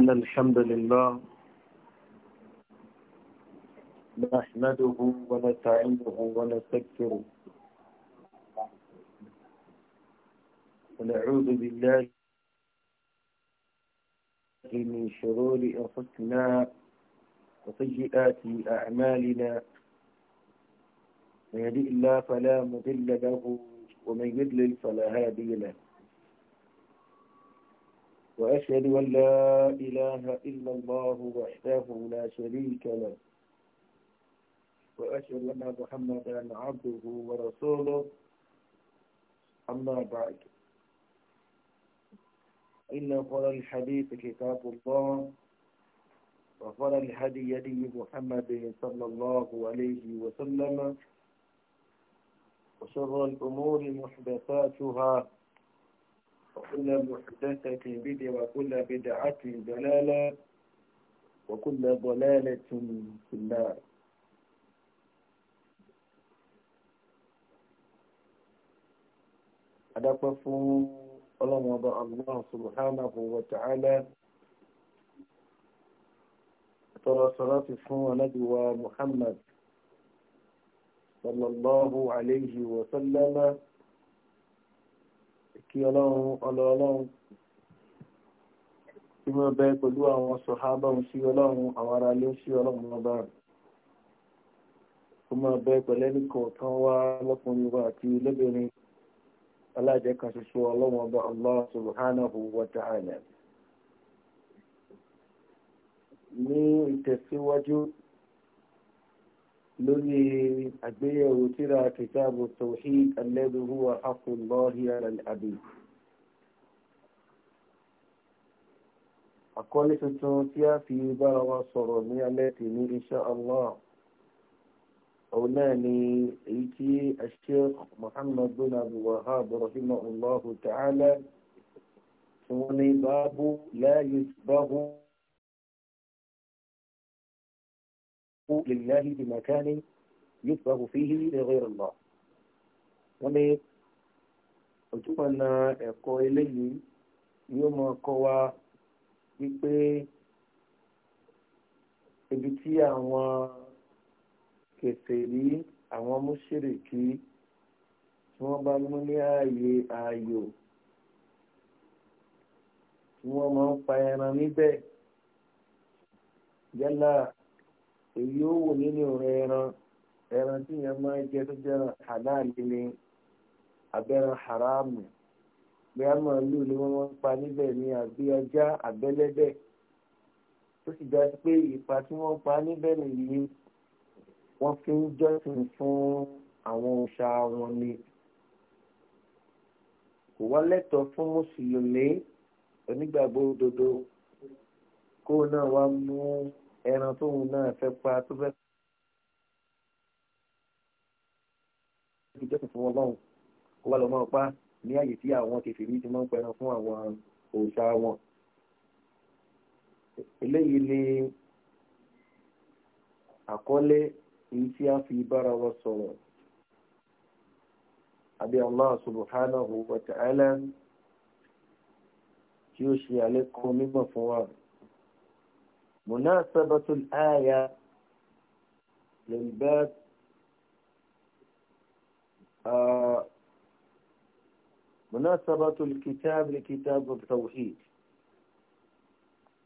إن الحمد لله نحمده ونستعينه ونستغفره ونعوذ بالله من شرور أنفسنا وسيئات أعمالنا من يهدئ الله فلا مضل له ومن يضلل فلا هادي له وأشهد أن لا إله إلا الله وحده لا شريك له وأشهد أن محمدا عبده ورسوله أما بعد إن قال الحديث كتاب الله وقال الهدي يدي محمد صلى الله عليه وسلم وشر الأمور محدثاتها وكل محدثة بدعة وكل بدعة ضلالة وكل ضلالة في النار أدقى الله وضع الله سبحانه وتعالى ترى صلاة الصلاة ندوى محمد صلى الله عليه وسلم kí ọlọ́run ọlọ́run tí wọ́n bẹ pẹ̀lú àwọn sọ̀hábọ̀n sí ọlọ́run àwọn ará ilé sí ọlọ́run lọ́ba kó máa bẹ pẹ̀lẹ́nì kọ̀ọ̀kan wá lọ́kùnrin wa ọba ní ìtẹ̀síwájú. لوني أبي وترى كتاب التوحيد الذي هو حق الله على العبيد أقول تتوتيا في بلغة صرمي التي إن شاء الله أولاني إيتي الشيخ محمد بن أبو وهاب رحمه الله تعالى وني باب لا يسبب لله بمكان يسبغ فيه لغير الله wọ́n ní ojúmọ̀nà ẹ̀kọ́ eléyìí ni ó máa kọ́ wa wípé ibi tí àwọn kèfèrí àwọn mùṣírìkí tí wọ́n bá mú ní ààyè ààyò tí wọ́n máa ń pa ẹran níbẹ̀ yálà èyí ó wò nínú rẹ ẹran ẹran tí yẹn máa jẹ tó jẹ hàláàlì ni abẹ́ran haramu bí a máa lù ni wọ́n máa ń pa níbẹ̀ ní àbí ajá àbẹ́lẹ́dẹ̀ tó sì dá sí pé ipa tí wọ́n pa níbẹ̀ nìyí wọ́n fi ń jọ́sìn fún àwọn òòṣà wọn ni kò wá lẹ́tọ̀ọ́ fún mùsùlùmí onígbàgbọ́ òdodo kó náà wá mú ẹran tóun náà fẹ́ pa tó fẹ́ fi jọ́sìn fún ọlọ́run kó wá lọ máa pa ní àyè tí àwọn kèfèrí ti máa ń pẹran fún àwọn òòṣà wọn eléyìí ni àkọlé èyí tí a fi bára wa sọ̀rọ̀ àbí Allah subhanahu wa ta'ala tí ó ṣe àlékún mímọ̀ fún wa مناسبة الآية للباب مناسبة الكتاب لكتاب التوحيد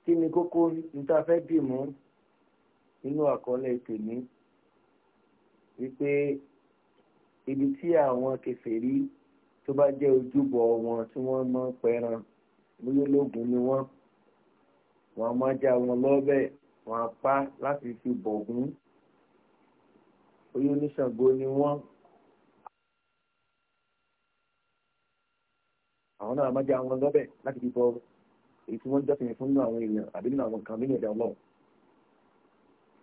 kí ni kókó níta fẹ́ dì mú nínú àkọọ́lẹ̀ tèmi wípé ibi tí àwọn kèfèrí tó bá jẹ́ ojúbọ wọn tí wọ́n mọ́ pẹran bóyá ológun ni wọ́n wọn a máa já wọn lọ́bẹ̀ wọn a pa láti fi bọ̀gún oyún oníṣàngó ni wọ́n. àwọn náà máa já wọn lọ́bẹ̀ láti fi bọ èyí tí wọ́n jọ́sìn fún nínú àwọn èèyàn àbí nínú àwọn kan nínú ẹ̀dá ọlọ́run.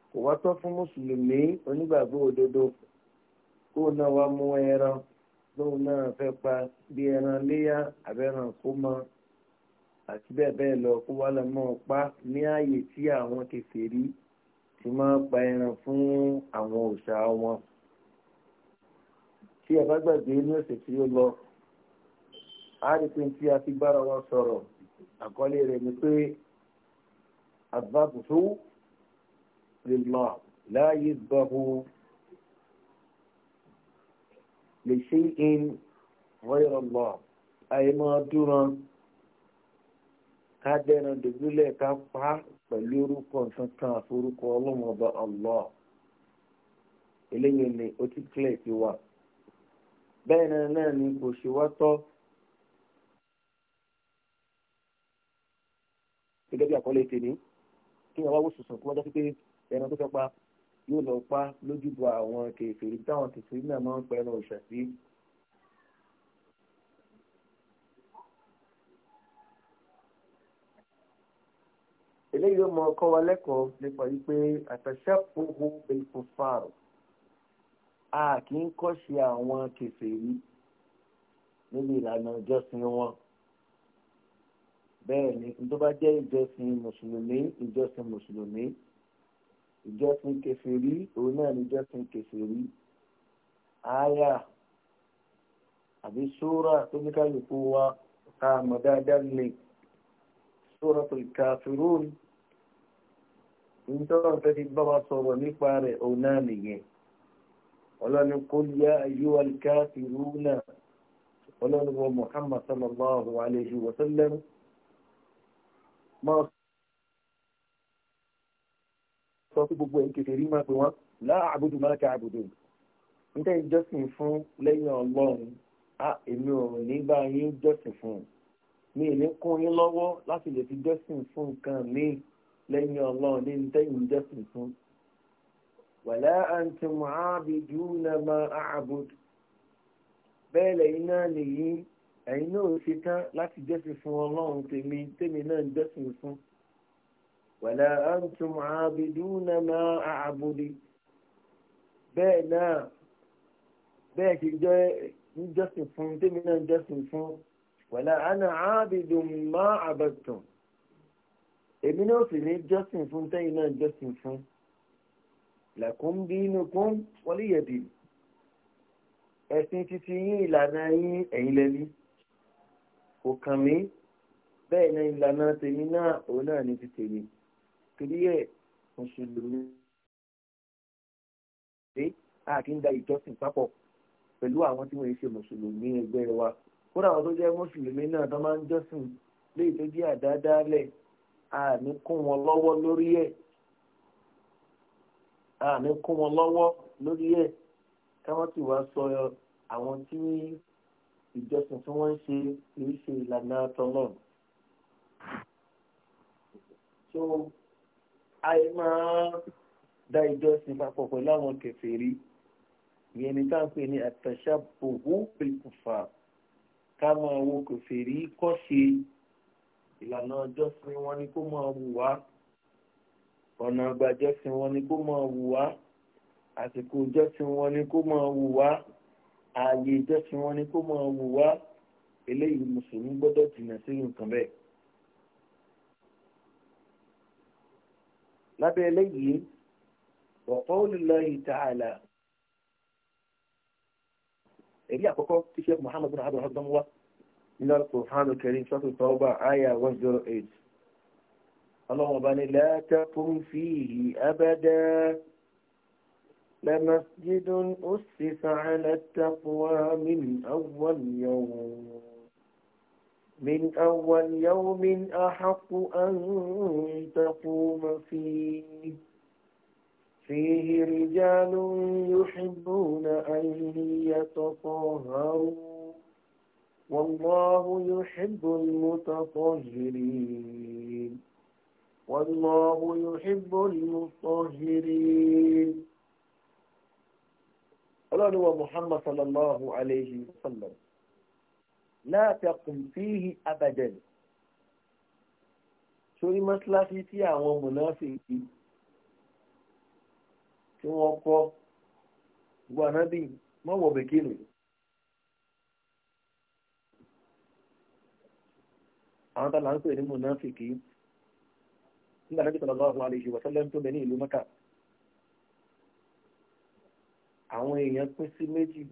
kò wá tọ́ fún mùsùlùmí onígbàgbọ́ òdodo kó náà wá mú ẹran lóun náà fẹ́ pa bí ẹran léyà àbẹ́ràn kó mọ́ àti bẹ́ẹ̀ bẹ́ẹ̀ lọ kó wá lọ mọ́ ọ pa ní ààyè tí àwọn kèfèrí ti máa pa ẹran fún àwọn òòṣà wọn. tí ẹ bá gbàgbé ní ọ̀sẹ̀ tí ó lọ a rí pé tí a fi bára wa sọ̀rọ̀ àkọlé rẹ̀ ni pé àbábùsù lèlọ láàyè gbọ́hu lè ṣe in wọ́yọ̀ lọ àyè máa dúró ká dẹ́ran dùbúlẹ̀ ká pa pẹ̀lú orúkọ nǹkan kan àforúkọ ọlọ́mọba allah eléyìí ni ó ti kílẹ̀ sí wa bẹ́ẹ̀ náà náà ni kò ṣe wá tọ́ gẹ́gẹ́ bí àkọlé tèmi kí wọ́n wá wò sùsùn kí wọ́n jásí pé ẹran tó fẹ́ pa yóò lọ pa lójúbọ àwọn kèfèrí táwọn kèfèrí náà máa ń pẹ́ ẹran òṣà eléyìí ó mọ ọkọ wa lẹ́kọ̀ọ́ nípa wípé àtẹ̀sẹ́ owó epo fáàrọ̀ a kì í kọ́ ṣe àwọn kèfèrí níbi ìlànà ìjọsìn wọn bẹ́ẹ̀ ni tó bá jẹ́ ìjọsìn mùsùlùmí ìjọsìn mùsùlùmí ìjọsìn kèfèrí òun náà ni ìjọsìn kèfèrí àyà àbí sóra tó ní kálukú wa ká mọ̀ dáadáa lè sóra tó ìkàfẹ́rọ́ọ̀nù nítorí ọ̀fẹ́ ti bá wa sọ̀rọ̀ nípa rẹ̀ òun náà nìyẹn ọlọ́ni kó yá ayúwa káfírúnà ọlọ́ni wọ Muhammad sallallahu alayhi wa sallam máa sọ fún gbogbo ẹ̀ kékeré máa pè wọ́n láàbùdù máa ka àbùdù níta ìjọsìn fún lẹ́yìn ọlọ́run a èmi ò ní bá yín jọ́sìn fún mi ní kún yín lọ́wọ́ láti lè fi jọ́sìn fún nǹkan míì lẹ́yìn ọlọ́run ní tẹ́yìn jẹ́sìn fún wàlá àǹtí mọ́àbìdú na máa àbùdù bẹ́ẹ̀ lẹ́yìn náà nìyí ẹ̀yin náà ṣe tán láti jẹ́sìn fún ọlọ́run tèmi tèmi náà jẹ́sìn fún wàlá àǹtí mọ́àbìdú na máa àbùdù bẹ́ẹ̀ náà bẹ́ẹ̀ ṣe jẹ́ ń jẹ́sìn fún tèmi náà jẹ́sìn fún wàlá àná àbìdù máa àbẹ̀tàn èmi náà sì ní justin fún tẹ́yìn náà justin fún lakum dinukum waliya din ẹ̀sìn títí yín ìlànà yín ẹ̀yin lẹ́ni kò kàn mí bẹ́ẹ̀ ni ìlànà tèmi náà òun náà ní ti tèmi torí ẹ̀ mùsùlùmí ṣe a kì í da ìjọsìn papọ̀ pẹ̀lú àwọn tí wọ́n ṣe mùsùlùmí ẹgbẹ́ wa kódà àwọn tó jẹ́ mùsùlùmí náà tó máa ń jọ́sìn léyìí tó jẹ́ àdáadáa lẹ̀ àní kún wọn lọ́wọ́ lórí ẹ̀ àní kún wọn lọ́wọ́ lórí ẹ̀ káwọn sì wá sọ àwọn tí ìjọsìn tí wọ́n ń ṣe kì í ṣe ìlànà tọ́lọ́run so àì máa dá ìjọsìn papọ̀ pẹ̀lú àwọn kèfèrí ìyẹn ni táà ń pè ní àtàṣà bòbó pèlú kùfà ká máa wo kèfèrí kọ́ ṣe ìlànà ọjọ́sìn wọn ni kó máa wù wá ọ̀nà àgbàjọ́sìn wọn ni kó máa wù wá àsìkò ìjọ́sìn wọn ni kó máa wù wá ààyè ìjọ́sìn wọn ni kó máa wù wá eléyìí mùsùlùmí gbọ́dọ̀ jìnnà sí nǹkan bẹ́ẹ̀. lábẹ́ eléyìí wa qawlillahi ta'ala èyí àkọ́kọ́ tí muhammadu abdulhadam wa. من القرآن الكريم سورة التوبة آية 108 اللهم بني لا تقم فيه أبدا لمسجد أسس على التقوى من أول يوم من أول يوم أحق أن تقوم فيه فيه رجال يحبون أن يتطهروا والله يحب المتطهرين والله يحب المطهرين ọlọ́run wa muhammad sallallahu alayhi wa sallam la taqum fihi abadan sórí mọ́sálásí tí àwọn mùnáfíkì tí wọ́n kọ́ gbọ́nábì mọ́wọ́ bèkínù yìí àwọn tàbí láńpẹ̀ ní mùnáfìkì nígbà náà jùlọ lọ́wọ́ àlejò wọ́sẹ́lẹ̀ tó bẹ ní ìlú mẹ́kà àwọn èèyàn pín sí méjì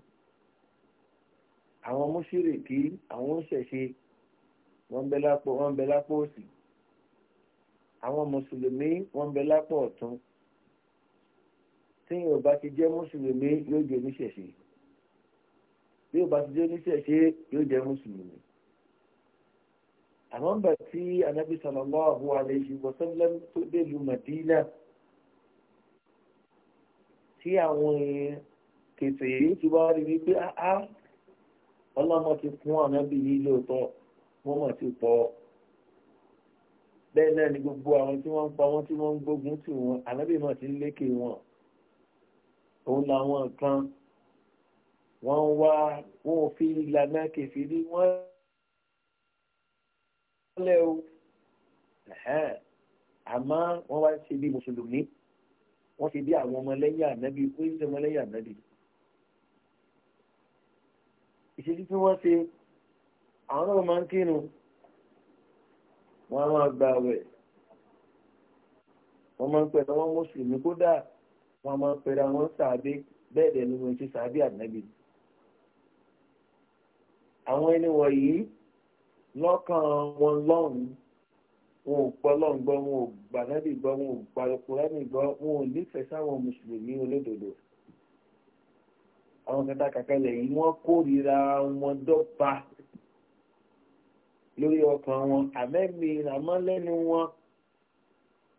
àwọn mùṣírìkí àwọn òṣèṣe wọ́n bẹ lápò wọ́n bẹ lápò òsì àwọn mùsùlùmí wọ́n bẹ lápò ọ̀tún tí yóò bá ti jẹ́ mùsùlùmí yóò jẹ́ oníṣẹ̀ṣe yóò bá ti jẹ́ oníṣẹ̀ṣe yóò jẹ́ mùsùlùmí àmọ́ ń bà tí anábì sallallahu alayhi wa sallam tó dé lu Madina tí àwọn kèfè yìí ti wá rí wípé áá ọlọ́mọ ti fún anábì yìí lóòótọ́ wọ́n mọ̀ sí pọ̀ bẹ́ẹ̀ náà ni gbogbo àwọn tí wọ́n ń pa wọ́n tí wọ́n ń gbógun tì wọ́n anábì mọ̀ ti lékè wọn òun làwọn kan wọ́n wá wọn fi ìlànà kèfè rí wọ́n lẹ́ o àmọ́ wọ́n wá ṣe bí mùsùlùmí wọ́n ṣe bí àwọn ọmọlẹ́yìn ànábì ó ṣe ọmọlẹ́yìn ànábì ìṣesí tí wọ́n ṣe àwọn náà máa ń kírun wọ́n á máa gba àwẹ̀ wọ́n máa ń pẹ̀lú àwọn mùsùlùmí kódà wọ́n máa ń pẹ̀lú àwọn sàábé bẹ́ẹ̀ dẹ̀ ni wọ́n ṣe ànábì àwọn ẹni wọ̀nyí lọ́kàn wọn lọ́hùn wọn ò gbọ́ lọ́hùn gbọ́ wọn ò gbàdábì gbọ́ wọn ò gbàdókùrẹ́nì gbọ́ wọn ò nífẹ̀ẹ́ sáwọn mùsùlùmí olódodo àwọn kẹta kàkẹlẹ̀ yìí wọ́n kórìíra wọn dọ́gba lórí ọkàn wọn àmẹ́mi àmọ́ lẹ́nu wọn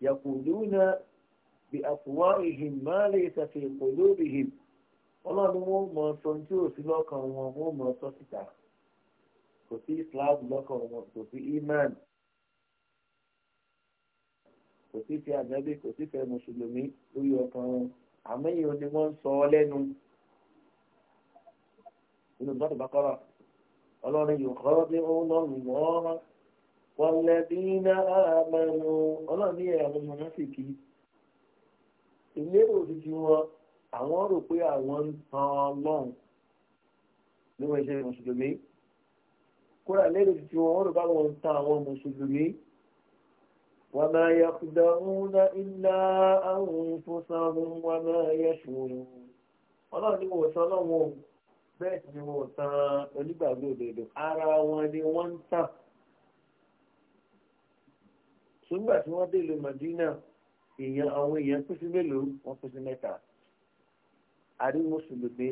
yàkùdúnà bí àfùwá ìhìn máa lè ṣàfihàn pẹ̀lú ìhìn ọlọ́run wọn mọ̀ sọ tí ò wọn wọn mọ̀ sọ síta kò sí islam lọ́kàn wọn kò sí iman kò sí ti ànábì kò sí fẹ́ mùsùlùmí lórí ọkàn wọn àmẹ́yìn ni wọ́n ń sọ ọ lẹ́nu nínú bọ́dù bákọ́rọ̀ ọlọ́run yóò kọ́ bí ó lọ mọ́ wọlẹ́bínà àmàlù ọlọ́run ní àwọn mọ̀nàfìkì ìlérò títí wọn àwọn rò pé àwọn ń tan ọlọ́run ní wọ́n ṣe mùsùlùmí kúrò lẹ́nu tí wọ́n rò bá wọn ń ta àwọn mùsùlùmí wọ́n máa yẹ kúdà ńlá ilá àwọn ìfúnṣàrún wọ́n máa yẹ ṣòro ọlọ́run ni wọ́n san lọ́wọ́ bẹ́ẹ̀ sì ni wọ́n èèyàn àwọn èèyàn pín sí mélòó wọ́n pín sí mẹ́ta àrí mùsùlùmí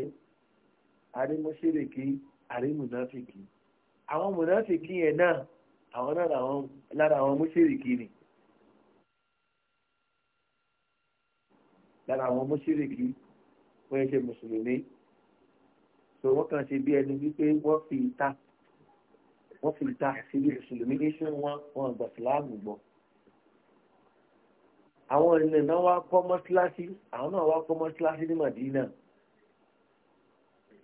àrí mùsírìkì àrí mùnáfìkì àwọn mùnáfìkì yẹn náà àwọn náà lára àwọn mùṣírìkì ni lára àwọn mùṣírìkì wọ́n ṣe mùsùlùmí so wọ́n kàn ṣe bí ẹni wípé wọ́n fi ìta wọ́n fi ìta síbi mùsùlùmí ní ṣé wọ́n wọn gbà síláàmù gbọ́ àwọn ènìyàn náà wá kọ́ mọ́síláṣí àwọn náà wá kọ́ mọ́síláṣí ní Màdínà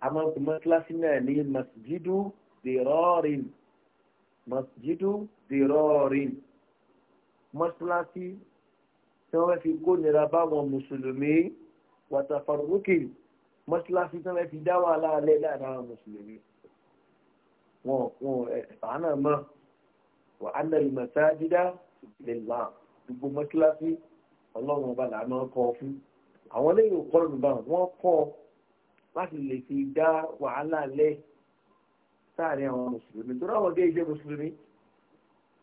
àmọ́ mọ́síláṣí náà ní masjidu dìrọ́ọ̀rìn masjidu dìrọ́ọ̀rìn mọ́ṣáláṣí tí wọ́n fi kó nira báwọn mùsùlùmí wàtàfàrúkì mọ́ṣáláṣí tí wọ́n fi dá wàhálà alẹ́ láàrin àwọn mùsùlùmí wọn wọn ẹ̀fàánà mọ́ wà á nà ìmọ̀sájídá lèlá gbogbo mọ́ṣáláṣí ọlọ́run ọba làánà kọ́ fún àwọn lẹ́yìn òkọ́ ọ̀rùn bá wọn kọ́ láti lè fi dá wàhálà lẹ́yìn sáàrin àwọn mùsùlùmí tó ráwọ̀ gé ìjẹ́ mùsùlùmí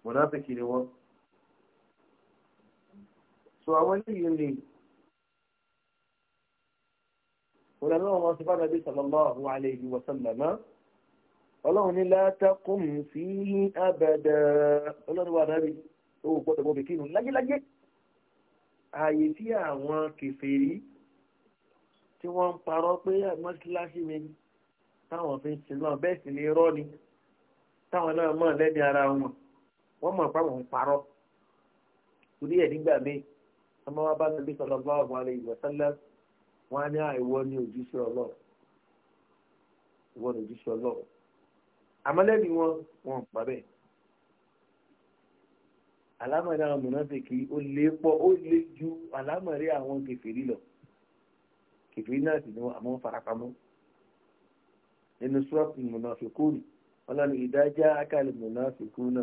mùnáfíkì ni wọ́n so àwọn eléyìí ni wọn náà wọn ti bá nàbí sallallahu alayhi wa sallama ọlọ́run ní la taqum fihi abada ọlọ́run wà nàbí ó gbọ́dọ̀ mọ́ bìkínú lágélágé ààyè tí àwọn kèfèrí tí wọ́n ń parọ́ pé mọ́síláṣí mi táwọn fi ń sin náà bẹ́ẹ̀ sì ni irọ́ ni táwọn náà mọ̀ lẹ́ni ara wọn wọ́n mọ̀ pé wọ́n parọ́ torí ẹ̀ nígbà míì ọmọ wa bá ń bí sọlọ bá ọmọ alẹ́ ìwọ̀ sẹ́lẹ̀ wọ́n á ní àìwọ́ ní ojúṣe ọlọ́run ìwọ ní ojúṣe ọlọ́run àmọ́ lẹ́ni wọn wọn pa bẹ́ẹ̀ àlámọ̀rí àwọn mùnáfíkì ó lè pọ̀ ó lè ju àlámọ̀rí àwọn kèfèrí lọ kèfèrí náà sì ni wọn àmọ́ farapamọ́ nínú sọ́ọ̀tì mùnàfíkúnì ọlọ́ni ìdájá akálẹ̀ mùnàfíkúnà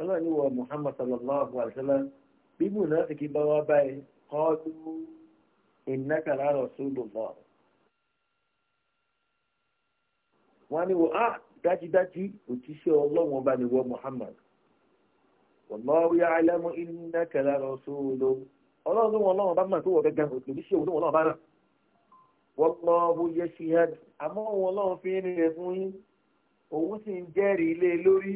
ọlọ́ni wọ muhammad sallallahu alayhi wa sallam bí mùnàfíkì bá wá báyìí kọ́ọ̀dù ìnákàlá rasulullah wọ́n ní wọ́n á ah, dájídájí òjíṣẹ́ ọlọ́wọ́n bá ní wọ́n muhammad wallahu ya'lamu ìnákàlá rasulullah ọlọ́run wọn ọlọ́run bá mọ̀ tó wọ gẹ́gẹ́ òjíṣẹ́ òun bá náà wallahu yashhad àmọ́ wọn lọ́wọ́ fi ń rìn fún yín òun sì ń jẹ́rìí ilé e lórí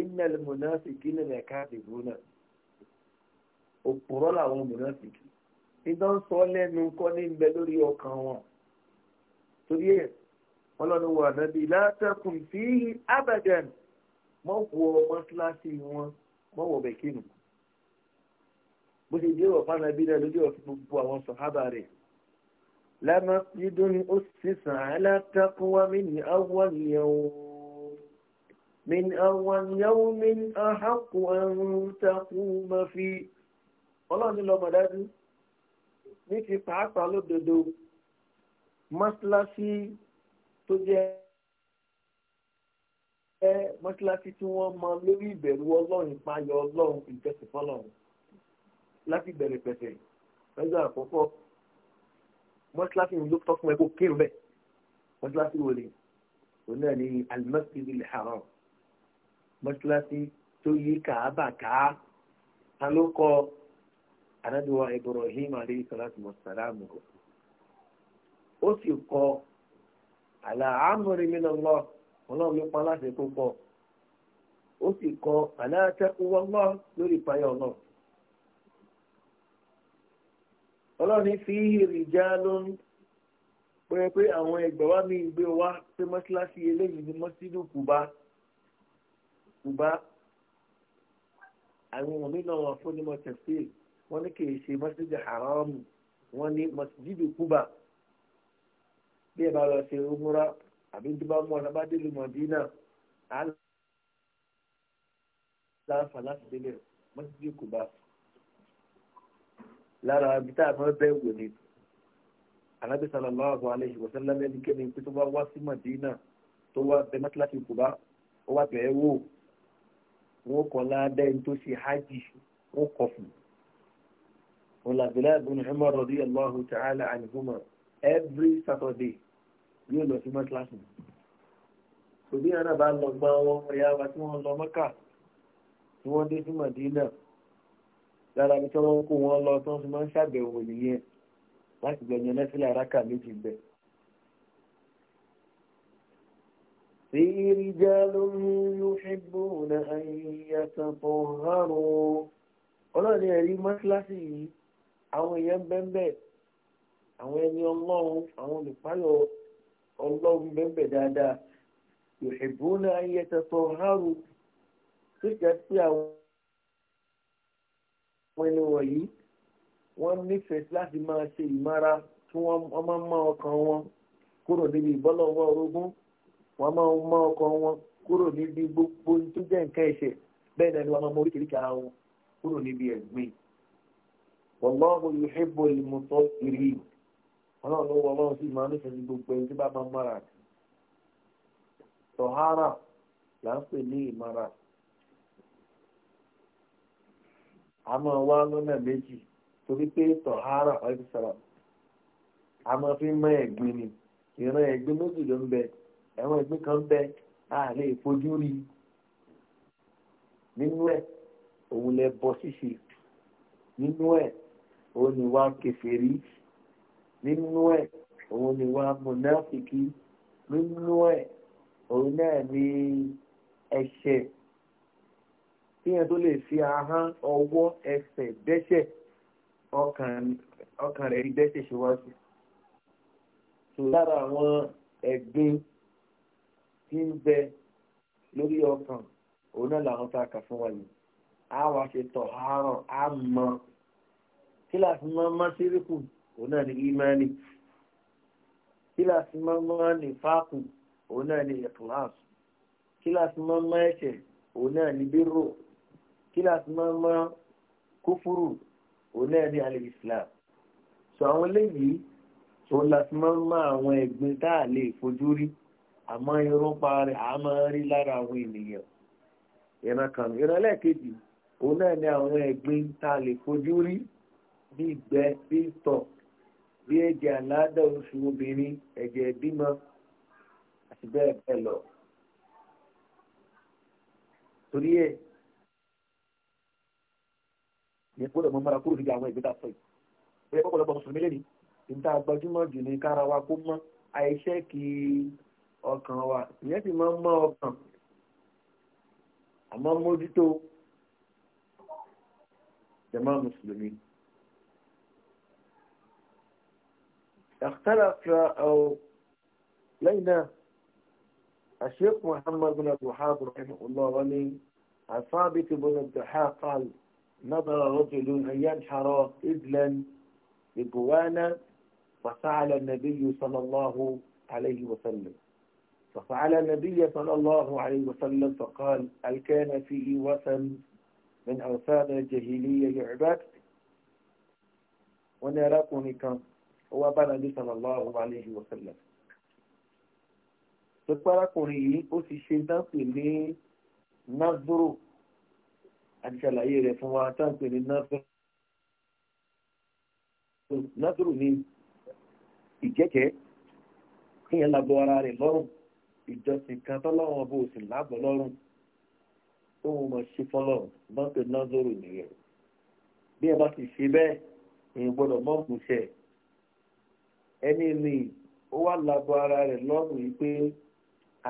innal munafiqina lakadibuna òpùrọ́ làwọn mùnásìkì nígbà ń sọ lẹ́nu kọ́ ní bẹ lórí ọkàn wọn torí ẹ̀ wọn lọ́nu wà nàbí látẹkùn sí abadan mọ́ mọ́síláṣí wọn mọ́ bẹ̀kínù bó ṣe jẹ́ ọ̀pá nàbí náà lójú ọ̀sán gbogbo àwọn sọ̀hábà rẹ̀ لمسجد أسس على التقوى من أول يوم من أول يوم أحق أن تقوم فيه ọlọ́run nílò ọmọ dájú ní ti pàápàá lódodo mọ́ṣáláṣí tó jẹ́ ẹ mọ́ṣáláṣí tí wọ́n mọ lórí ìbẹ̀rù ọlọ́run ìpayọ̀ ọlọ́run ìjọsìn fọlọ́run láti bẹ̀rẹ̀ pẹ̀sẹ̀ lọ́jọ́ àkọ́kọ́ mọ́síláṣí mi ló tọ́ fún ẹ kó kírun bẹ́ẹ̀ mọ́síláṣí wo ni òun náà ni alimọ́síláṣí lè haram mọ́síláṣí tó yí kàábà ká ta ló kọ́ anábíwá Ibrahim aleyhi salatu wa salamu ó sì kọ́ àlàámúrin mi lọ́lọ́ ọlọ́run ló pa láti kó kọ́ ó sì kọ́ àlàátẹ́kùn wọ́lọ́ lórí ìpayọ̀ náà. ọlọ́ni fi hìrì já lórí pẹ́ẹ́ pé àwọn ẹgbẹ́ wa mi gbé wá pé mọ́ṣíláṣí eléyìí ni mọ́ṣídù kùbá kùbá àwọn ọmọ mi náà wọn fún ní mọ́tẹ̀síl wọ́n ní kìí ṣe mọ́ṣídù haramu wọ́n ní mọ́ṣídù kùbá bí ẹ bá lọ ṣe umura àbí tí bá mú ọ lábá délé mọ̀dínà á láǹfà láti délé mọ́ṣídù kùbá lára ibi tá a fẹ́ bẹ́ẹ̀ wò ni anabi sallallahu alayhi wa sallam ẹnikẹ́ni pé tó bá wá sí madina tó wá bẹ mọ́tíláṣí kùbá ó wá bẹ̀ẹ́ wò wọn kọ́ ládẹ́ ní tó ṣe hajj wọn kọ̀ fún un làbílá ibùn Umar radiyallahu ta'ala anhuma every saturday yóò lọ sí mọ́tíláṣí òbí yàrá bá lọ gbọ́n wọn ẹ̀yà wa tí wọ́n lọ mọ́kà tí wọ́n dé sí madina lára ibi tí wọ́n kó wọn lọ tí wọ́n fi máa ń ṣàbẹ̀wò nìyẹn láti gbẹ̀yìn nẹ́fílà rákà méjì bẹ̀. في رجال يحبون أن يتطهروا ọlọ́run ẹ̀rí mọ́síláṣí yìí àwọn èèyàn bẹ́ẹ̀ àwọn ẹni ọlọ́run àwọn olùpáyọ̀ ọlọ́run bẹ́ẹ̀ dáadáa يحبون أن يتطهروا tó jẹ́ pé àwọn àwọn ẹni wọ̀nyí wọ́n nífẹ̀ẹ́ láti máa ṣe ìmára tí wọ́n máa ń mọ ọkàn wọn kúrò níbi ìbọ́lọ́wọ́ orogún wọ́n máa ń ọkàn wọn kúrò níbi gbogbo tó jẹ́ nǹkan ẹ̀ṣẹ̀ bẹ́ẹ̀ náà ni wọ́n máa mọ oríkèéríkèé ara wọn kúrò níbi ẹ̀gbìn. wallahu yuhibbul mutatahhirin ọlọ́run ló wọ ọlọ́run sì máa nífẹ̀ẹ́ sí gbogbo a máa wá lọ́nà méjì torí pé tọ̀hárà ọ̀ẹ́dísọ̀rọ̀ a máa fi mọ ẹ̀gbin ni ìran ẹ̀gbin méjì ló ń bẹ ẹ̀wọ̀n ẹ̀gbin kan bẹ a lè fojú rí nínú ẹ̀ òun lẹ bọ ṣíṣe nínú ẹ̀ òun ni wá kèfèrí nínú ẹ̀ òun ni wá mùnáfìkì nínú ẹ̀ òun náà ni ẹ̀ṣẹ̀ kíyàn tó lè fi ahọ́n ọwọ́ ẹsẹ̀ dẹ́ṣẹ̀ ọkàn rẹ̀ rí dẹ́ṣẹ̀ ṣíwájú. tó lára àwọn ẹ̀gbin tí ń bẹ lórí ọkàn òun náà làwọn tá a kà fún wa yìí a wá ṣe tọ̀ àárọ̀ a mọ kí láti máa má síríkù òun náà ní ìmánì kí láti máa má ní fáàkù òun náà ní ìkìláàsù kí láti máa má ẹ̀ṣẹ̀ òun náà ní bírò kí láti máa mọ kúfúrú òun náà ní alẹ́ islam sọ àwọn eléyìí òun láti máa mọ àwọn ẹ̀gbin tá a lè fojú rí àmọ́ irun pa rẹ̀ a máa rí lára àwọn ènìyàn ìran kan ìran lẹ́ẹ̀kejì òun àwọn ẹ̀gbin tá lè fojú rí bí ìgbẹ́ bí ìtọ̀ bí ẹ̀jẹ̀ àládà oṣù obìnrin ẹ̀jẹ̀ ìbímọ àti bẹ́ẹ̀ bẹ́ẹ̀ lọ torí ẹ̀ yẹn gbọ́dọ̀ mọ́ mọ́ra kúrò níbi àwọn ìgbésà sọ yìí ó yẹ kọ́kọ́ lọ́pọ̀ mùsùlùmí lẹ́ni níta gbajúmọ̀ jù ní kára wa kó mọ́ àìṣẹ́ kí ọkàn wa ìyẹn sì máa ń mọ́ ọkàn àmọ́ mójútó jàmá mùsùlùmí. اختلف أو لينا الشيخ محمد بن الضحاك رحمه الله ولي الثابت بن الضحاك قال نظر رجل أن ينحر إذلا بجوانا ففعل النبي صلى الله عليه وسلم ففعل النبي صلى الله عليه وسلم فقال هل كان فيه وثن من أوثان الجاهلية يعبد ونراكم كم هو بنى النبي صلى الله عليه وسلم فقال قريب وفي الشيطان في نظره àti ṣàlàyé rẹ̀ fún wa táǹpì ní nátòrò ní ìkẹ́kẹ́ kíyàn lábọ́ ara rẹ̀ lọ́rùn ìjọsìn kan tọ́lọ́wọ́n bó sì lábọ̀ lọ́rùn tó wọn mọ̀ ṣe fọ́lọ́run bọ́ǹpì nátòrò nìyẹn ni ó wà lábọ̀ ara rẹ̀ lọ́rùn yìí pé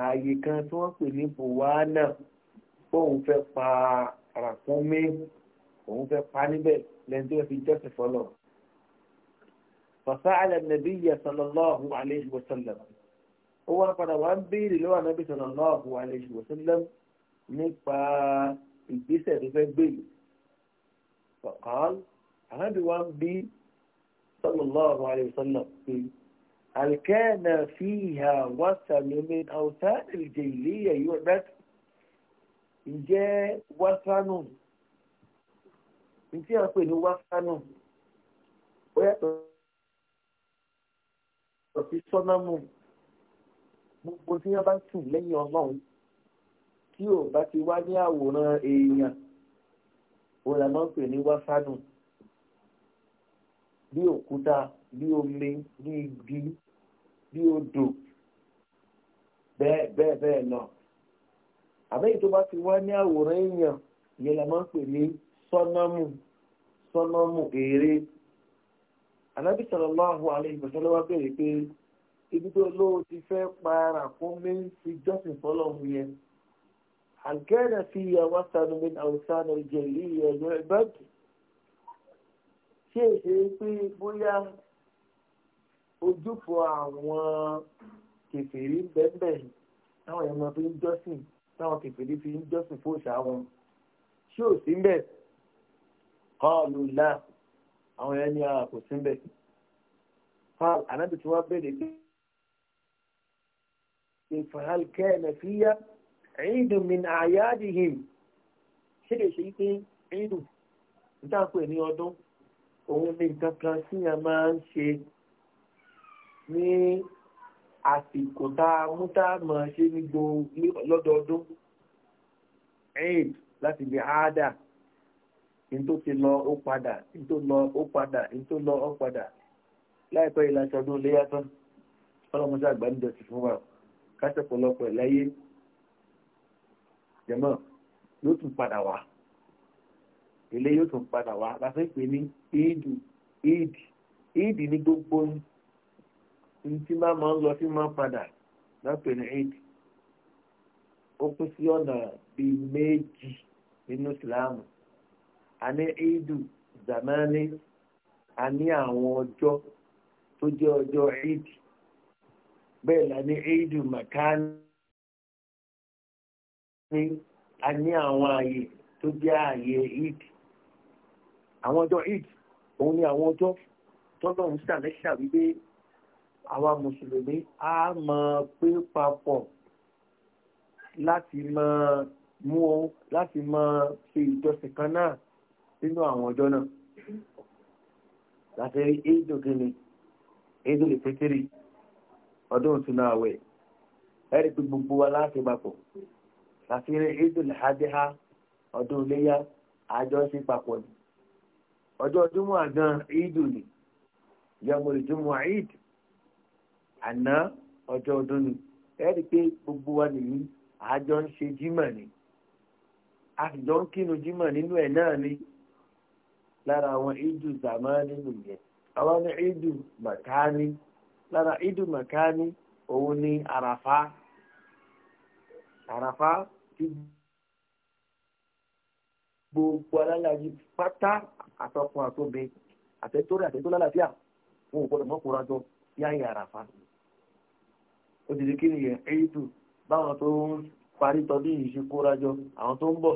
ààyè kan tí wọ́n pè ní buwana bóun fẹ́ pa ràkúnmí òun fẹ́ pa níbẹ̀ lẹ́yìn tí wọ́n fi jẹ́sìn fọlọ́. فسأل النبي صلى الله عليه وسلم هو قد وان بيري لو النبي صلى الله عليه وسلم nípa ìgbésẹ̀ tó fẹ́ gbé yìí فقال هذا وان بي صلى الله عليه وسلم هل كان فيها وثن من أوثان الجيلية يعبد ǹjẹ́ wásánù ní tí a pè ní wásánù ó yàtọ̀ sí sọ́nàmù gbogbo tí wọ́n bá sùn lẹ́yìn ọlọ́run tí ò bá ti wá ní àwòrán èèyàn ó là máa ń pè ní wásánù bí òkúta bí omi bí igi bí odò bẹ́ẹ̀ bẹ́ẹ̀ bẹ́ẹ̀ náà àbẹ́yìn tó bá ti wá ní àwòrán èèyàn ìyẹn la máa ń pè ní sọ́nọ́mù sọ́nọ́mù eré anábì sallallahu alaihi wasallam wá bẹ̀rẹ̀ pé ibi tó lóò ti fẹ́ para fún mi fi jọ́sìn fọlọ́mù yẹn àgẹ́rẹ́ fi yàwá sanu min awsanu jẹ̀lí ẹ̀yọ́ ìbàdí ṣé èṣe pé bóyá ojúfọ àwọn kèfèrí bẹ́ẹ̀ bẹ́ẹ̀ táwọn èèyàn máa ń jọ́sìn táwọn kìfìrí fi ń jọ́sìn fún òṣà wọn ṣé ò sí mbẹ́ kọ́ọ̀lù là àwọn yẹn ní ara kò sí mbẹ́ paul anábì tí wọ́n bẹ̀rẹ̀ pé ìfàhàl kẹ́ẹ̀nà fíyà ẹ̀yìndùn mi ní àyáàdìhìn ṣé lè ṣe pé ẹ̀yìndùn níta pè ọdún òun ní nǹkan kan tí a máa ń ṣe ní àsìkò tá a mú tá a mọ̀ ṣe ní gbogbo lọ́dọọdún eid láti bí áádà ní tó ti lọ ó padà ní tó lọ ó padà ní tó lọ ó padà láìpẹ́ ìlànà ọdún léyà tán ọlọ́mọdé àgbà ń dọ̀tí fún wa kásẹ̀pọ̀lọpọ̀ láyé jẹ̀mọ́ yóò tún padà wá ilé yóò tún padà wá láti pè ní ìdù ìdì ìdì ní gbogbo ní tí bá máa ń lọ sí máa ń padà lápè ní eid ó pín sí ọ̀nà bíi méjì nínú ìsìláàmù a ní eidu zamani a ní àwọn ọjọ́ tó jẹ́ ọjọ́ eid bẹ́ẹ̀ la ní eidu makani ní a ní àwọn ààyè tó jẹ́ ààyè eid àwọn ọjọ́ eid òun ni àwọn ọjọ́ tọ́lọ́run sàlẹ́sà wípé àwa mùsùlùmí a máa pé papọ̀ láti máa mú o láti máa ṣe ìjọsìn kan náà nínú àwọn ọjọ́ náà láti ìdògínì ìdòlè pétérì ọdún ìtúnú àwẹ̀ ẹ̀rí pé gbogbo wa láti papọ̀ láti rí ìdòlè àdéhà ọdún iléyà àjọ sí papọ̀ ni ọjọ́ ọdún mọ́ àdán ìdòlè yàmùrìdùmọ̀ àìdì àná ọjọ́ ọdún ni ẹ rí pé gbogbo wa nìyí àjọ ń ṣe jímọ̀ ni àjọ ń kínu jímọ̀ nínú ẹ̀ náà ni lára àwọn ìdù zamani nìyẹn àwọn ìdù màkání lára ìdù màkání òun ni àràfá àràfá ti gbogbo alálàyé pátá àtọkùn àtọbẹ àtẹtórí àtẹtólálàfíà wọn ò gbọdọ̀ mọ́kùnrin àjọ yáyà àràfà ó ti di kí ni yẹn èyítù báwọn tó ń parí tọdún yìí ṣe kórajọ àwọn tó ń bọ̀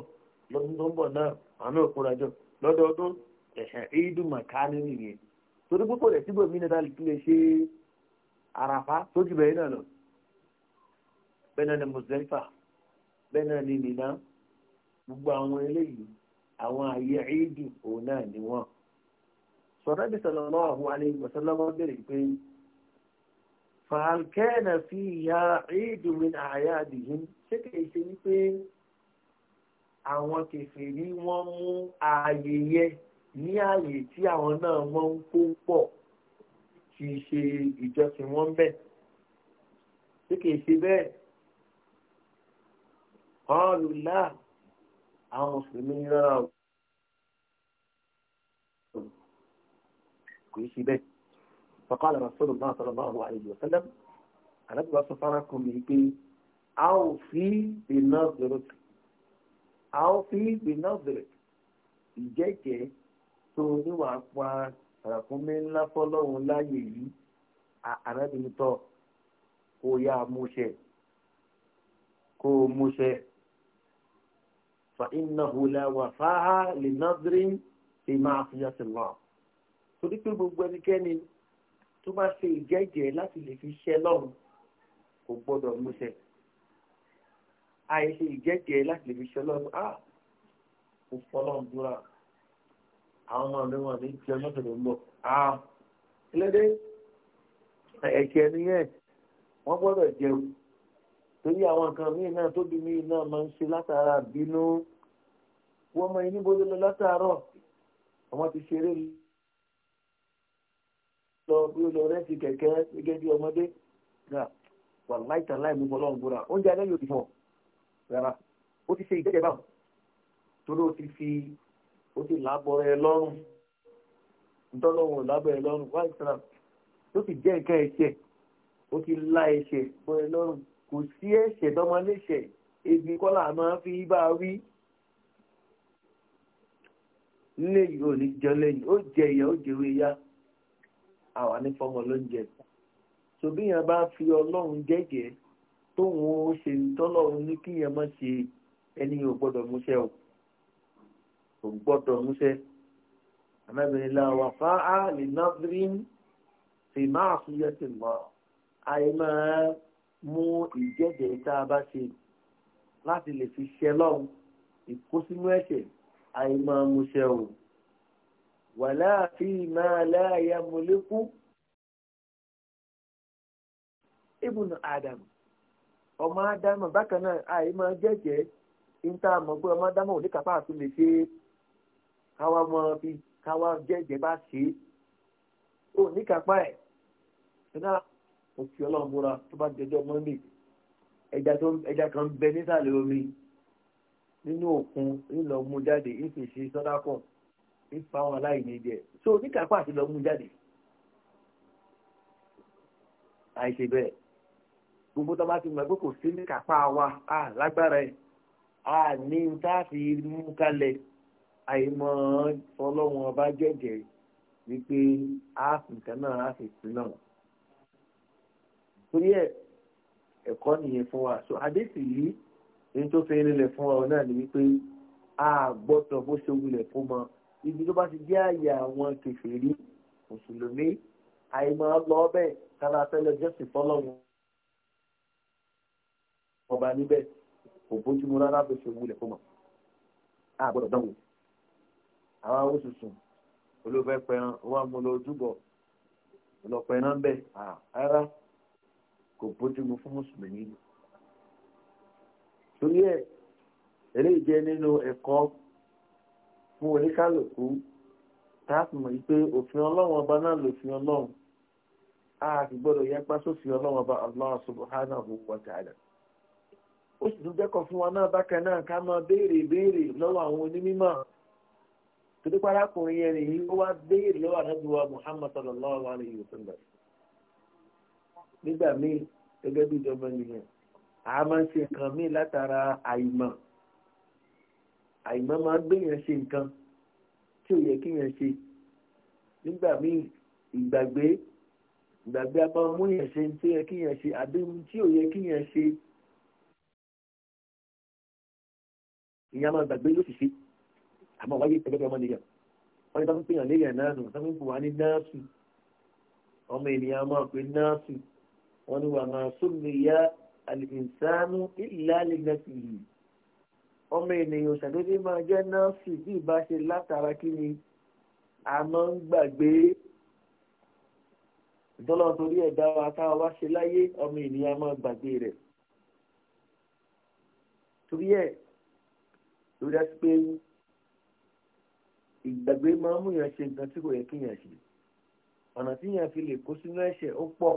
lọ́dún tó ń bọ̀ náà àwọn náà kórajọ lọ́dọọdún ẹ̀sẹ̀ èyítù màkánì nìyẹn torí púpọ̀ rẹ̀ síbò mí níta lè ṣe àràfà tó ti bẹ̀rẹ̀ náà lọ bẹ́ẹ̀ náà ni mùsùlùmí bẹ́ẹ̀ náà ni nìna gbogbo àwọn eléyìí àwọn àyè èyítù òun náà ni wọ́n sọ̀rọ̀ فهل كان فيها عيد من أعيادهم ṣé kìí ṣe wípé àwọn kèfèrí wọ́n mú ààyè yẹ ní ààyè tí àwọn náà wọ́n ń kó pọ̀ kì í ṣe ìjọsìn wọn bẹ̀ ṣé kìí ṣe bẹ́ẹ̀ ọlùlá àwọn mùsùlùmí rárá o kìí ṣe bẹ́ẹ̀. فقال رسول الله صلى الله عليه وسلم أنا أبغى أصفركم يقول أو في بنظرك أو في بنظرك ìjẹ́jẹ́ tó níwà pa àràkúnmí ńlá fọlọ́run láàyè yìí àrẹ́bìnitọ́ kó yá múṣẹ kó múṣẹ fa innahu la wafaha li nadrin fi ma'siyati Allah torí pé gbogbo ẹnikẹ́ni tó bá ṣe ìjẹ́jẹ́ láti lè fi ṣẹ́ lọ́run kò gbọ́dọ̀ múṣẹ àìṣe ìjẹ́jẹ́ láti lè fi ṣẹ́ lọ́run á kò fọlọ́run dúrà àwọn ọmọ mi wọn ní jẹ mọ́tò ló ń bọ̀ á kílódé ẹ̀ṣẹ̀ nìyẹn wọ́n gbọ́dọ̀ jẹun torí àwọn nǹkan míì náà tóbi míì náà máa ń ṣe látara bínú wọ́n mọ inú bó lọ látàárọ̀ àwọn ti ṣeré lọ lọ bí ó lọ rẹ́sì kẹ̀kẹ́ gẹ́gẹ́ bí ọmọdé wà láìta láì mú bọ́lọ́ ọ̀gbọ́ra oúnjẹ alẹ́ yóò ti fọ̀ rárá ó ti ṣe ìgbẹ́jẹ̀ báwọn torí ó ti fi ó ti lábọ̀rẹ̀ ẹ lọ́rùn ntọ́lọ́wọ̀n lábọ̀rẹ̀ lọ́rùn wá ìsìlám ó ti jẹ́ nǹkan ẹ̀ṣẹ̀ ó ti la ẹ̀ṣẹ̀ bọ̀rẹ̀ lọ́rùn kò sí ẹ̀ṣẹ̀ dọ́mọléṣẹ̀ ebi kọ́là máa fi bá a wí nílé yìí ò ní jẹun lẹ́yìn ó jẹ ìyà ó jẹ ìyà àwa ní fọmọ lóúnjẹ so bí yẹn bá fi ọlọ́run jẹ́jẹ́ tóun ó ṣe tọ́lọ́run ní kí yẹn má ṣe ẹni yóò gbọ́dọ̀ múṣẹ́ o kò gbọ́dọ̀ múṣẹ́ àmẹ́bìnrin la wà á lè ná bírín fi máa fi yẹ ti mọ́ àyè máa mú ìjẹ́jẹ́ tá a bá ṣe láti lè fi ṣẹ́ ìkó sínú ẹ̀ṣẹ̀ àyè máa múṣẹ́ o. ولا فيما لا يملك ابن آدم ọmọ ádámù bákan náà àyè máa jẹ́jẹ́ níta mọ̀ pé ọmọ ádámù ò ní kápá àtún lè ṣe é káwa mọ bí káwa jẹ́jẹ́ bá ṣe é ò ní kápá ẹ̀ ṣẹ́nà òkè ọlọ́run bóra tó bá jẹjọ́ mọ́ndé ẹja kan bẹ nísàlẹ̀ omi nínú òkun ńlọ jáde ìfèsè sọ́dá kan ń pa wọn aláìní jẹ so oníkàpá àti lọ mú jáde àìṣe bẹ́ẹ̀ gbogbo tó bá ti mọ̀ pé kò sí níkàpá wa a lágbára ẹ̀ a ní tá a fi mú kalẹ̀ àìmọ̀ ọlọ́run ọba jẹ́jẹ́ wípé a nǹkan náà a sì sí náà torí ẹ̀ ẹ̀kọ́ nìyẹn fún wa so adéṣì yìí ní tó fi rinlẹ̀ fún wa náà ni wípé a gbọ́dọ̀ bó ṣe wulẹ̀ fún mọ́ ibi tó bá ti jẹ́ àyè àwọn kèfèrí mùsùlùmí àìmọ̀ lọ bẹ́ẹ̀ kára tẹ́lẹ̀ jẹ́sìn fọ́lọ́run ọba níbẹ̀ kò bójúmu rárá bó ṣe wulẹ̀ fún mọ̀ á gbọ́dọ̀ dánwò àwọn awosùsùn olóòfẹ́ pẹran wọn mú lọ ojúbọ̀ ọlọ́pàá iná bẹ́ẹ̀ rárá kò bójúmu fún mùsùlùmí torí ẹ̀ eléyìí jẹ́ nínú ẹ̀kọ́ fún oníkálùkù táàpù mọ̀ wípé òfin ọlọ́run ọba náà lòfin ọlọ́run a sì gbọ́dọ̀ yẹpa sófin ọlọ́run ọba Allah subhanahu wa ta'ala ó sì tún jẹ́kọ̀ fún wa náà bákan náà ká máa béèrè béèrè lọ́wọ́ àwọn onímọ̀ torí parákùnrin yẹn ó wá béèrè lọ́wọ́ àdájúwa Muhammad sallallahu alayhi wa sallam nígbà míì gẹ́gẹ́ bí ìjọba a máa ń ṣe nǹkan míì látara àìmọ̀ àìmọ́ máa ń gbéyàn ṣe nǹkan tí ò yẹ kéèyàn ṣe nígbà míì ìgbàgbé ìgbàgbé a máa mú yàn ṣe tí ó yẹ kéèyàn ṣe àbí tí ò yẹ kéèyàn ṣe ìyá máa gbàgbé yóò sì ṣe àmọ́ wáyé ẹgbẹ́gbẹ́ ọmọ nìyàn wọ́n ní táwọn pèèyàn léèyàn náà nù táwọn fún wa ní náàsù ọmọ ènìyàn máa pè náàsù wọ́n ní wà máa sún mi yá àlìkìnsánú ìlà yìí ọmọ ènìyàn ṣàdédé máa jẹ́ nọ́ọ̀sì bí ìbá ṣe látara kí ni a máa ń gbàgbé ìtọ́lọ́ torí ẹ̀dá wa táwa wá ṣe láyé ọmọ ènìyàn máa gbàgbé rẹ̀ torí ẹ̀ lórí ẹ pé ìgbàgbé máa ń mú yàn ṣe nǹkan tí kò yẹ kí yàn ṣe ọ̀nà tí yàn fi lè kó sínú ẹ̀ṣẹ̀ ó pọ̀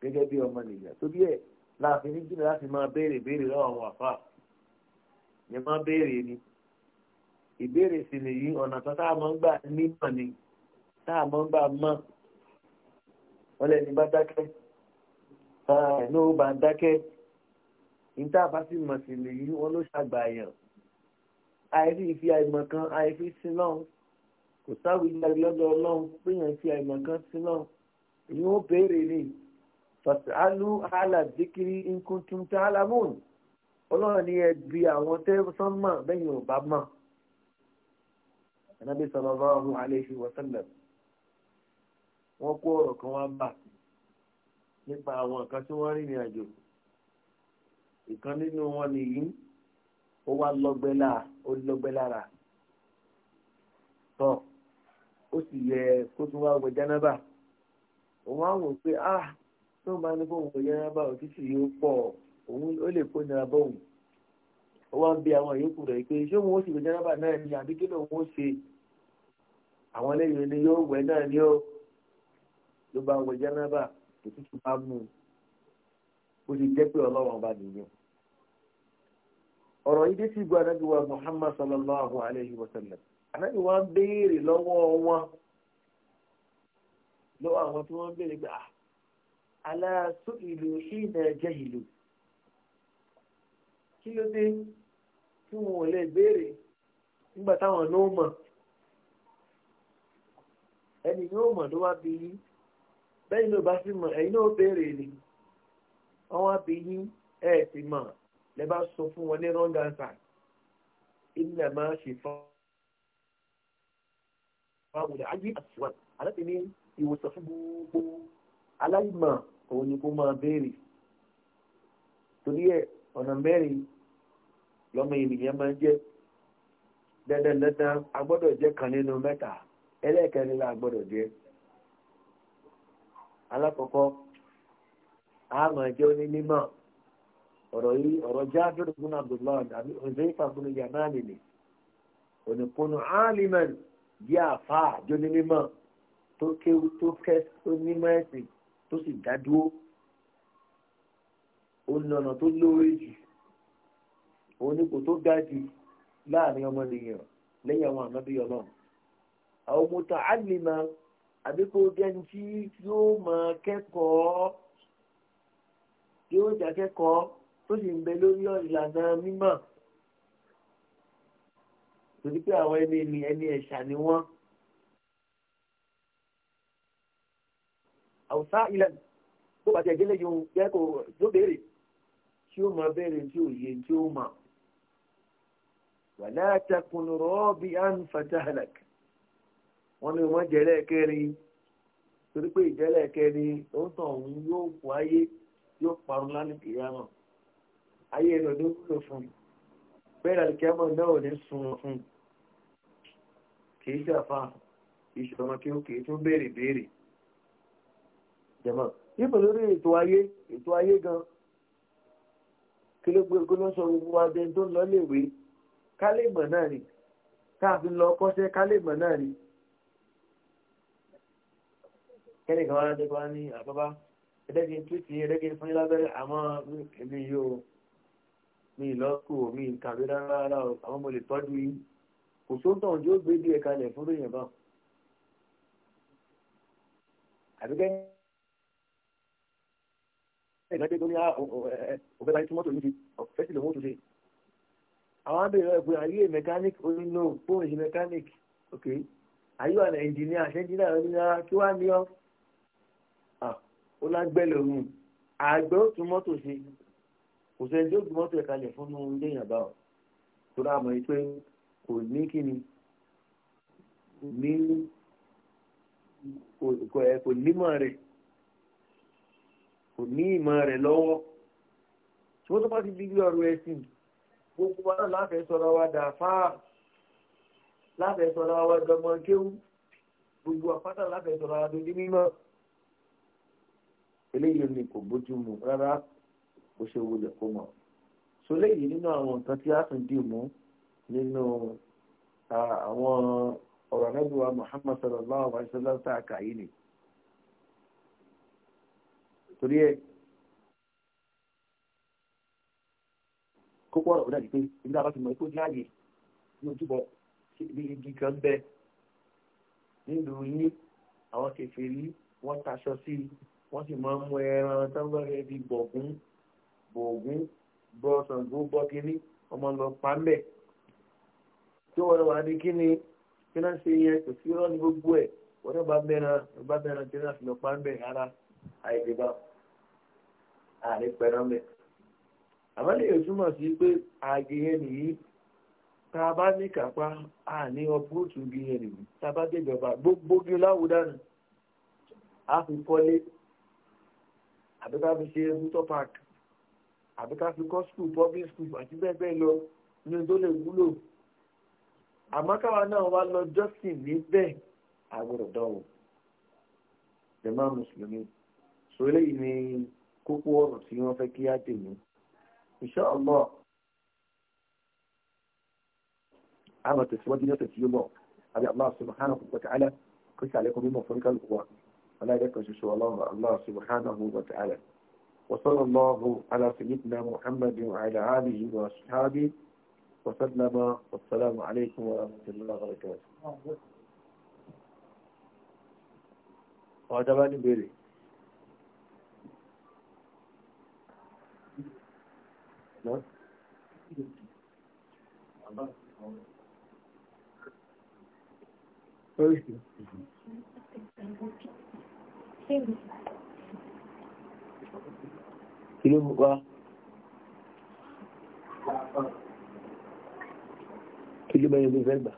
gẹ́gẹ́ bí ọmọ nìyàn torí ẹ̀ láàfin ní jìnnà láti máa béèrè béèrè lọ́wọ́ àwọn àfáà ni wọ́n béèrè ni ìbéèrè sì nìyí ọ̀nà kan táà mọ́ ń gbà nímọ̀ ni táà mọ́ ń gbà mọ́ wọ́n lẹ́ni bá dákẹ́ ẹ̀nú bá dákẹ́ níta bá sì mọ̀ sí nìyí wọ́n ló ṣàgbàyàn àìrí ìfi àìmọ̀ kan àìfi sí náà kò sáwìí ìjà lọ́dọ̀ ọlọ́run péyàn fi àìmọ̀ kan sí náà èyí ó béèrè ni fàtàlù àlà nkùntùntà àlàmùn ọlọ́run ni ẹ bi àwọn tẹ́sán mọ̀ bẹ́yìn ò bá mọ̀ ẹ̀nàbí sallallahu alayhi wa sallam wọ́n kó ọ̀rọ̀ kan wá bà nípa àwọn nǹkan tí wọ́n rìnrìn àjò ìkan nínú wọn nìyí ó wá lọ́gbẹ́lá ó lọ́gbẹ́ lára tọ́ ó sì yẹ kó tún wá wẹ jánábà òun á wò pé ah tó bá ní kó wọ jánábà òtútù yìí pọ̀ ọ́ òun ó lè kó nira bọ́ọ̀hùn ó wá ń bí àwọn ìyókù rẹ̀ pé ṣé òun ó sì gbẹjọ́ rábà náà ni àbí kí lóun ó ṣe àwọn lẹ́yìn ni yóò wẹ̀ náà ni ó ló bá wọ jẹ́nàbà òtútù bá mú un ó ti jẹ́ pé ọlọ́run ọba nìyẹn ọ̀rọ̀ yìí dé sí ìgbà anábì muhammad sallallahu alayhi wa sallam anábì ń béèrè lọ́wọ́ wọn lọ́wọ́ àwọn tí wọ́n béèrè pé alá ìlú ṣì ń kí ló dé tí wọn ò lè béèrè nígbà táwọn ló mọ̀ ẹni yóò mọ̀ ló wá bí yín bẹ́ẹ̀ ló bá sì ẹ̀yin náà béèrè ni wọ́n wá bí yín ẹ̀ mọ̀ bá sọ fún wọn ní wrong answer ilẹ̀ máa ṣe fún wọn wùdà ájí àtiwọ́n aláti ní ìwòsàn fún gbogbo aláìmọ̀ òun ni kó máa béèrè torí lọ́mọ ènìyàn máa ń jẹ́ dandan dandan a gbọ́dọ̀ jẹ́ kan nínú mẹ́ta ẹlẹ́ẹ̀kẹrin la gbọ́dọ̀ jẹ́ alákọ̀ọ́kọ́ a máa jẹ́ onímọ̀ ọ̀rọ̀ yìí ọ̀rọ̀ jáfẹ́rù fún abdullahi àbí ọ̀sẹ̀ ìfàkùnrin yamani ni ònìkùnú alimẹ̀n jẹ́ àfà jónímọ̀ tó kéwu tó kẹ́ tó jù òun ni kò tó ga jù láàrin ọmọnìyàn lẹ́yìn àwọn ànábì ọlọ́run àwọn mọ́tà àlìmọ́ àbíkó jẹ́ni tí yóò máa kẹ́kọ̀ọ́ yóò jà kẹ́kọ̀ọ́ tó sì ń bẹ lórí ìlànà mímọ́ torí pé àwọn ẹni ẹni ẹni ẹ̀ṣà ni wọ́n. àwùsá ilẹ̀ tó bàtẹ̀ ìdílé yòó kẹ́kọ̀ọ́ tó béèrè tí ó máa béèrè tí ò yé tí ó máa. wàlá takùn rọ́ọ̀bì án fatahalak wọ́n ní wọ́n torí pé ó ń tàn òun yóò ayé yóò parun lánàá ayé ló fún bẹ́ẹ̀ ni kẹ́mọ̀ náà ò ní sun fún kìí ṣàfà ìṣọ̀mọ kí ó kìí tún béèrè béèrè jẹ̀mọ́ yípo lórí ètò ayé ètò ayé gan kí ló gbé kó sọ gbogbo adé tó ń lọ léwèé. kálẹ̀mọ̀ náà ni káàfin lọ kọ́ṣẹ́ kálẹ̀mọ̀ náà ni kẹ́lẹ̀ kan wá dẹ́kọ́ ní àbábá ẹ̀dẹ́gbẹ̀ tíìtì ẹ̀dẹ́gbẹ̀ fún lábẹ́rẹ́ àmọ́ èmi yóò mi lọ́kù mi kàwé rárá àwọn mo lè tọ́jú yìí kò sóńtàn ojú ó gbé díẹ̀ kalẹ̀ fún lóyìn bá àbíkẹ́ ẹ̀gbẹ́ tó ní ọ̀fẹ́ báyìí tí mọ́tò yìí ti ọ̀fẹ́ sílẹ̀ mọ́tò yìí àwọn abèrè rẹ̀ pé àyè mechanic onínú fóun ṣe mechanic ok àyè wà ní engineer ṣe engineer rẹ̀ nínú kí wàá ní ọ́ ah, ó lágbẹ́lẹ̀ òun àgbẹ̀ ó tún mọ́tò ṣe kò tó mọ́tò ẹ̀ kalẹ̀ fún un ọ̀ tó dáa mọ̀ kò ní kí ni kò kò rẹ̀ lọ́wọ́ tó bá ti di bí gbogbo wa náà láfẹ̀ẹ́ sọ̀rọ̀ wa dà fáà láfẹ̀ẹ́ sọ̀rọ̀ wa dọmọ kéwú gbogbo àpáta láfẹ̀ẹ́ sọ̀rọ̀ wa dojú mímọ́ eléyìí ni kò bójú mu rárá bó ṣe wulẹ̀ kó mọ̀ so léyìí nínú àwọn nǹkan tí a tún dì mú nínú àwọn ọ̀rọ̀ nẹ́gbẹ̀wá muhammad sallallahu alaihi wa sallam tá a kà yìí ni torí ẹ̀. kókó ọ̀rọ̀ náà di pé ibi tá a bá ti mọ̀ ikú ní ààyè ní ojúbọ ibi igi kan bẹ nílùú yín àwọn kèfèrí wọ́n taṣọ sí i wọ́n sì máa ń mú ẹran tó ń bẹ̀rẹ̀ bí bọ̀gún bọ̀gún bọ́ Ṣàngó bọ́ kínní ọmọ lọ pa ń bẹ̀ tí wọ́n wà ní kí ni kí náà ṣe yẹn kò sí irọ́ ní gbogbo ẹ̀ wọ́n náà bá mẹ́ran bá mẹ́ran tí náà fi lọ pa ń bẹ̀ ara àìdìbà ààrẹ pẹ̀rọ mẹ́rin àmọ́ lè túmọ̀ sí pé àgẹ̀yẹ nìyí tá a bá ní kápá a ní ọpúrútù gẹ̀yẹ nìyí tá a bá dé ìjọba gbogbo gí láwùdánù a fi kọ́lé àbí fi ṣe rútọ́ park àbí ká fi kọ́ skul public school àti bẹ́ẹ̀ bẹ́ẹ̀ lọ ní tó lè wúlò àmọ́ káwa náà wá lọ justin níbẹ̀ àgbọ̀dọ̀ dánwò jẹ̀mọ́ mùsùlùmí sọ eléyìí ni kókó ọ̀rọ̀ tí wọ́n fẹ́ kí á dè إن شاء الله أما تسود نيات يوم أبي الله سبحانه وتعالى قلت عليكم بما فرق الأخوان فلا يدك شاء الله الله سبحانه وتعالى وصلى الله على سيدنا محمد وعلى آله وأصحابه وسلم والسلام عليكم ورحمة الله وبركاته. وهذا آه، آه، بيري. Kí ló wá? Kí ló mẹ́rin ló fẹ́ gbà?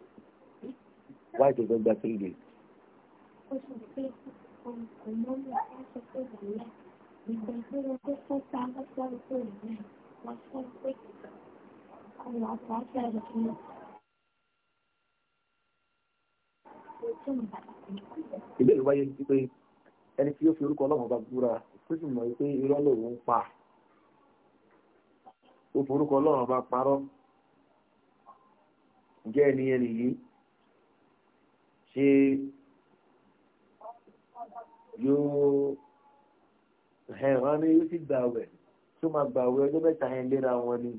Wáyé tó fẹ́ gba three days. Ó sọ pé ọmọ mi á sọ pé ìgbà yẹn. Ìgbà tó lọ pé fún ta lọ́sọ̀rọ̀ tó yẹ náà ìbéèrè wáyé wípé ẹni tí ó fi orúkọ ọlọ́run ọba búra tó sì mọ̀ wípé irọ́ lòun ń pa ó forúkọ ọlọ́run ọba parọ́ ǹjẹ́ ẹni ẹni yìí ṣe yóò hẹ̀rán ní yóò sì gbà wẹ̀ tó máa gbà wẹ ọjọ́ mẹ́ta yẹn léra wọn ni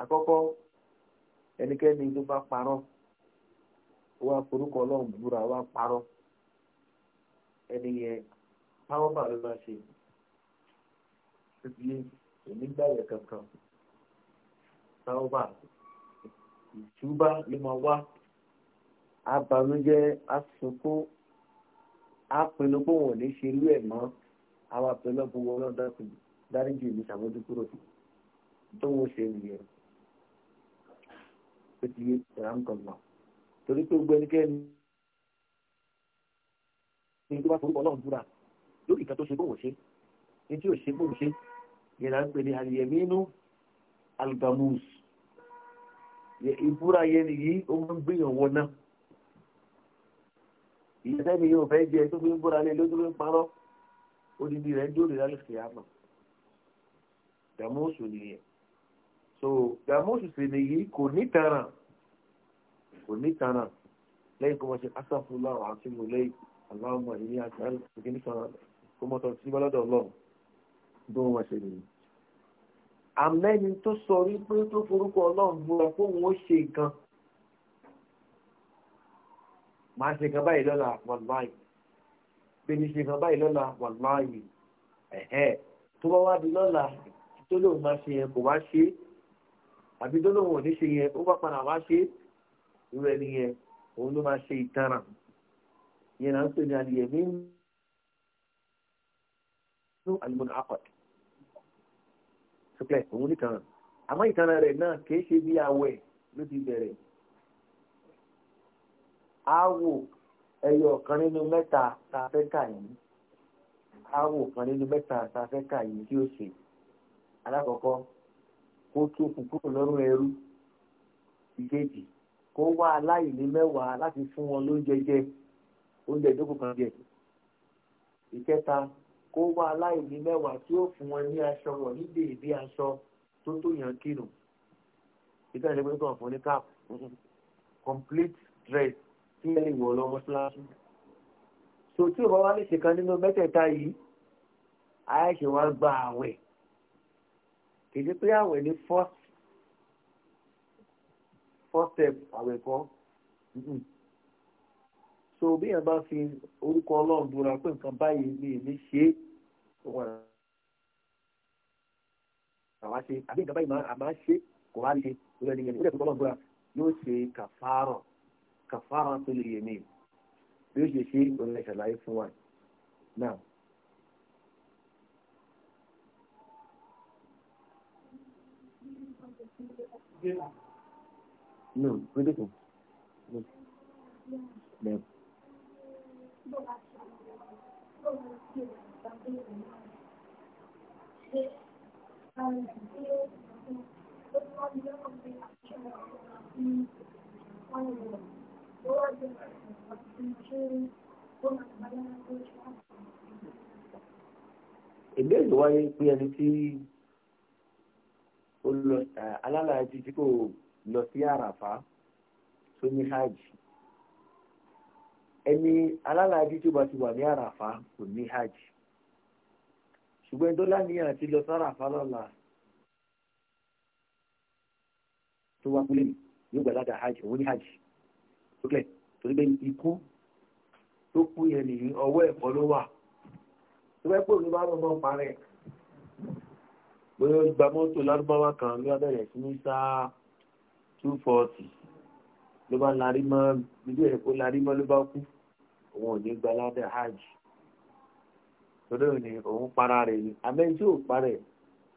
àkọ́kọ́ ẹnikẹ́ni tó bá parọ́ wá forúkọ ọlọ́run búra wá parọ́ ẹni yẹn táwọn bá ló máa ṣe ibi onígbàwẹ̀ kankan táwọn bá ìtúbà ló máa wá abanújẹ́ asunkún apinnu pé wọn ò ní ṣe irú ẹ̀ mọ́ àwọn apinnu pé wọn lọ́dọ̀ kùnú dáríjì mi sàmójúkúrò tó wọ́n ṣe nìyẹn ó ti yé ìránkọ̀gbọ̀n torí pé gbogbo ẹnikẹ́ni ní tó bá forúkọ ọlọ́run búra lórí ìkan tó ṣe bóun ṣe ní tí ò ṣe bóun ṣe yẹn là ń pè ní àyẹ̀mínú algamus ìbúra yẹn nìyí ó máa ń gbìyàn wọn náà ìyẹn sẹ́ni yóò fẹ́ jẹ tó fi ń búra lé lójú ló ń di odidi rẹ̀ ń dóòlù lálẹ́ kìí àmọ́ dàmóòsù nìyẹn so dàmóòsù sì nìyí kò nítanràn kò nítanràn lẹ́yìn kó mọ̀ ṣe asáfúnlá àti mọ̀lẹ́yìn aláwọ̀ ìní àti àlùkò níkan kó mọ̀ tọ́ sí bọ́lọ́dọ̀ ọlọ́run bí wọ́n ṣe nìyí. àmẹ́ni tó sọ wípé tó forúkọ ọlọ́run búra fóun ó ṣe nǹkan máa ṣe kan báyìí lọ́la wàláyì bí ní ṣe kan báyìí lọ́la wàláyì ẹ̀hẹ́ tó bá wá di lọ́la tó lóun máa ṣe yẹn kò wá ṣe àbí tó lóun ò ní ṣe yẹn ó bá padà wá ṣe irú ẹni yẹn òun ló máa ṣe ìtanràn yẹn náà ń pè ní adìyẹ ní nínú alimọ̀nà akọ̀t ṣùpẹ́ òun nìkan àmọ́ ìtanràn rẹ̀ náà kìí ṣe bí awẹ́ ló ti bẹ̀rẹ̀ awo ẹyọ kan nínú mẹ́ta tá a fẹ́ kà yìí awo kan nínú mẹ́ta tá a fẹ́ kà yìí tí ó ṣe alákọ̀ọ́kọ́ kó tó kúkúrò lọ́rùn ẹrú ìkejì kó wá aláìní mẹ́wàá láti fún wọn lóúnjẹ jẹ oúnjẹ ìdókò kan jẹ ìkẹta kó wá aláìní mẹ́wàá tí ó fún wọn ní aṣọ rọ̀ ní dèédé aṣọ tó tó yàn kírù ìkẹta ìlẹ́gbẹ́ tó kàn fún ní cap complete dress tí ẹ lè wọ̀ lọ mọ́ṣáláṣí so tí ò bá wá lè ṣèkan nínú mẹ́tẹ̀ẹ̀ta yìí àyàṣe wa gba àwẹ̀ kì í ṣe pé àwẹ̀ ní first first step àwẹ̀ kan so bí yẹn bá fi orúkọ ọlọ́run búra pé nǹkan báyìí ni èmi ṣe é wọn àwa ṣe àbí nǹkan báyìí àmà ṣe kò wá ṣe lórí ẹni yẹn ní ìdẹ́kùn ọlọ́run búra yóò ṣe kàfárọ̀ kàfárọ̀ tó lè yẹ mí yóò ṣe ṣe òun ẹ̀ ṣàlàyé fún wa náà. No, ridiculous. No. No. Ìbéèrè wáyé pé ẹni tí alálàájì tí kò lọ sí àràfá tó ní hajj ẹni alálàájì tó bá ti wà ní àràfá kò ní hajj ṣùgbọ́n tó láníyàn ti lọ sáràfá lọ́la tó wá kúlẹ̀ yóò gbà ládàá hajj òun ní hajj tókẹ́ torí pé ikú tó kú yẹn nìyí ọwọ́ ẹ̀kọ́ ló wà tó bá pè ní bá lọ́mọ parẹ́ bóyá ó gba mọ́tò lárúbáwá kan ló bẹ̀rẹ̀ sí ní sáà two forty ló bá larí mọ́ ibi ẹ̀ kó larí mọ́ ló bá kú òun ò ní gba ládẹ́ hajj torí òun ni òun para rẹ̀ ni abẹ́ni tí ò parẹ̀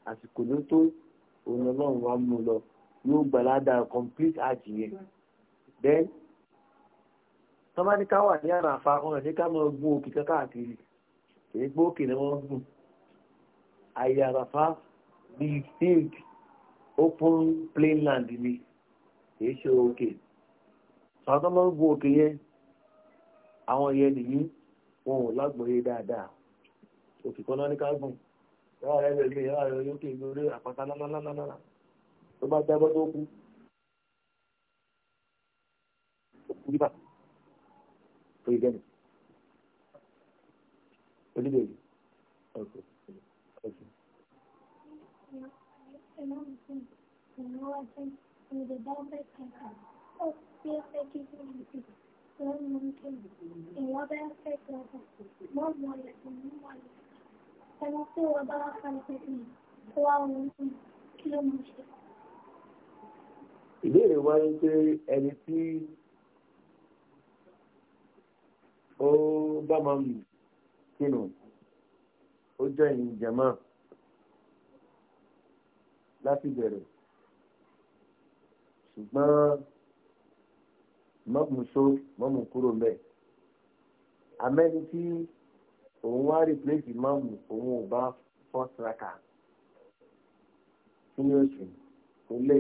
àsìkò ló tó òun ọlọ́run wa mú lọ yóò gba ládàá complete hajj yẹn then tọ́mádíkà wà ní àràfà ọ̀rọ̀ ní ká máa gún òkè káàkiri èyí pé òkè ni wọ́n gùn àyè àràfà bíi field open plain land ni kìí ṣe òkè sọ̀tọ́mọ́ gun òkè yẹn àwọn yẹn nìyí wọn ò lágbóyé dáadáa òkè kan náà ní ká gùn yàrá rẹ lè lè yàrá rẹ yókè lórí àpáta lánàánà tó bá jábọ́ tó kú. nípa tó yẹ gẹ́nu oníbèrè ọ̀sẹ̀. cannot ìbéèrè wá ń pé ẹni tí ó bá máa ń kínú ó jẹ́ ìjẹ̀mọ́ láti bẹ̀rẹ̀ ṣùgbọ́n mọ́mù so mọ́mù kúrò mẹ́ amẹ́ni tí òun wá rìpléṣì mọ́mù òun ò bá first raka kí ni ó ṣe kò lè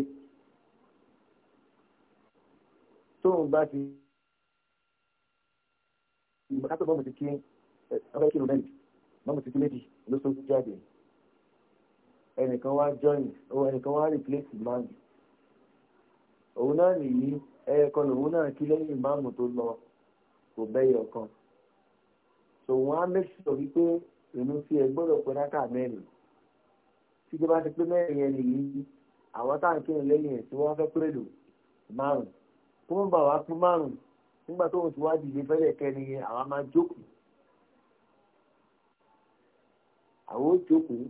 tóun bá ti ìgbà tó mọ́mù ti kí ọ̀rẹ́ kí ló mẹ́rin mọ́mù ti kí méjì ló jáde ẹnìkan wá join òun ẹnìkan wá replace imam òun náà nìyí ẹ̀ẹ̀kan lòun náà kí lẹ́yìn ìmáàmù tó lọ kò bẹ́yọ̀ kan so wọ́n á make sure wípé ìlú tí ẹ gbọ́dọ̀ pé rákà mẹ́rin tí ìjọba ti pé mẹ́rin yẹn nìyí àwọn táǹkì lẹ́yìn ẹ̀ tí wọ́n fẹ́ pé lò márùn kó mọ̀ bá wa pín márùn nígbà tó ń ti wá dìde fẹ́lẹ̀ kẹrin yẹn àwa máa jókòó àwọn ó jókòó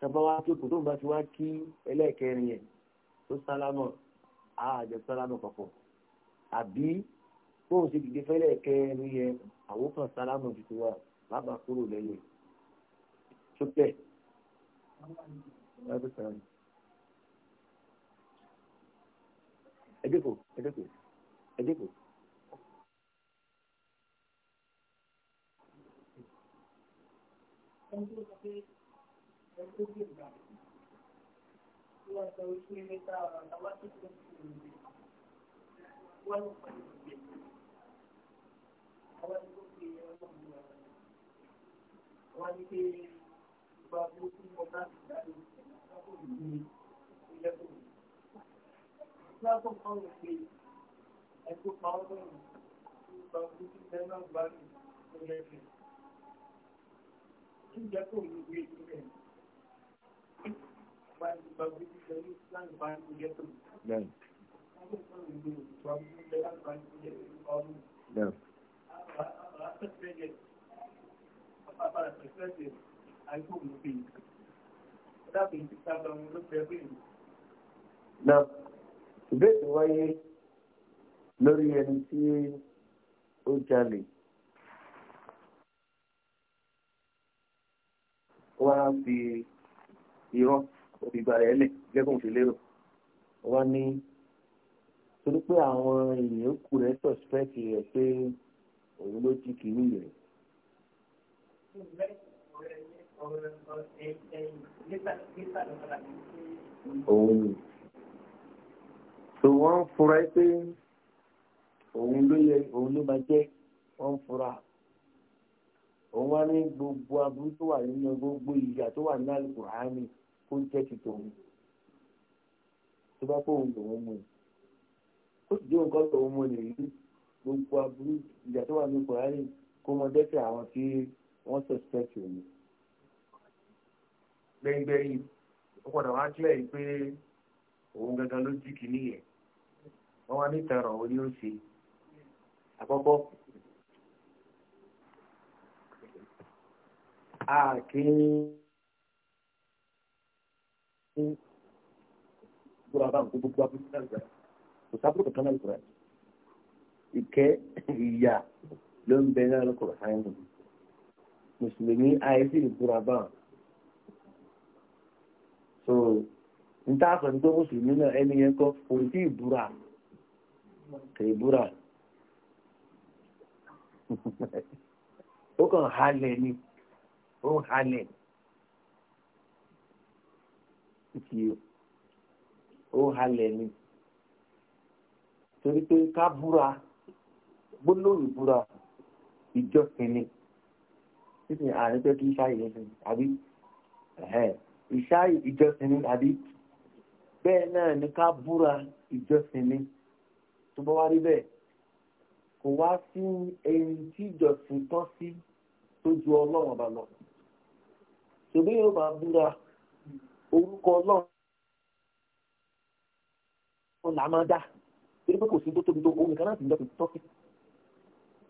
tàbá wá kí òkùnkùn bá ti wá kí ẹlẹ́ẹ̀kẹrin yẹn tó sálámọ̀ àjọ sálámọ̀ papọ̀ àbí bóun ṣe dìde fẹ́lẹ̀ kẹrin yẹn àwòkàn sálámọ̀ ti ti wá bàbá kúrò lẹ́yìn sókè. ẹdínkù ẹdínkù ẹdínkù. Thank you. Wọ́n ní pé ìgbà tó kí mọ̀ láti dáadé lọ́pọ̀ ìgbé ilẹ́kùn. Lọ́pọ̀ kan rẹ̀ pé ẹgbẹ́ pa ọdún ìgbà tó kí mẹ́rin gbáyé ilẹ́kùn. Kí jẹ́ kò ní gbé ìgbẹ̀rẹ̀. Náà, ìbéèrè wáyé lórí ẹni tí ó jalè. Wọ́n á fi irọ́ òbí gbà rẹ̀ lẹ̀ gẹ́gùn fi lérò wọ́n ní torí pé àwọn èèyàn kù rẹ̀ sọ̀spẹ́tì rẹ̀ pé òun ló jí kìíní rẹ̀. òun ni so wọ́n ń fura pé òun ló yẹ òun ló máa jẹ́ wọ́n ń fura òun wá ní gbogbo aburú tó wà nínú gbogbo ìyà tó wà ní Al-Kùránì kó jẹ́ ti tòun tó bá fóun lòun mú un ó sì jẹ́ nǹkan lòun mú un nìyí gbogbo aburú ìjà tó wà ní kòránì kó mọ dẹ́sẹ̀ àwọn tí wọ́n suspect òun. gbẹ̀ngbẹ̀yìn ó padà wá kílẹ̀ yìí pé òun gangan ló jí kìíní yẹn wọ́n wá nítorọ̀ orí ó ṣe àkọ́kọ́ àkíní fún gbogbo àbá nǹkan gbogbo abúlé náà gbà kò sábúrò kankan náà lọkùnrin ìkẹ́ ìyà ló ń bẹ náà lọkùnrin sáyẹn mùsùlùmí àìsí ìbúra bá so n ta sọ ní pé mùsùlùmí náà ẹni yẹn kọ kò sí ìbúra kò ìbúra ó kàn halẹ̀ ni ó halẹ̀ ìtì ó halẹ̀ ni torí pé ká búra gbólóhùn búra ìjọsìn ni sísìn àárín pé kí ìṣáyè lẹ́sìn àbí ìṣáyè ìjọsìn ni àbí bẹ́ẹ̀ náà ni ká búra ìjọsìn ni tó bá wá rí bẹ́ẹ̀ kò wá sí ẹni tí ìjọsìn tọ́ sí tó ju ọlọ́run ọba lọ ṣùgbọ́n yóò máa búra orúkọ ọlọ́run là máa dá torí pé kò sí tó tóbi tó òun nìkan náà sì ń dọ́kun tọ́kì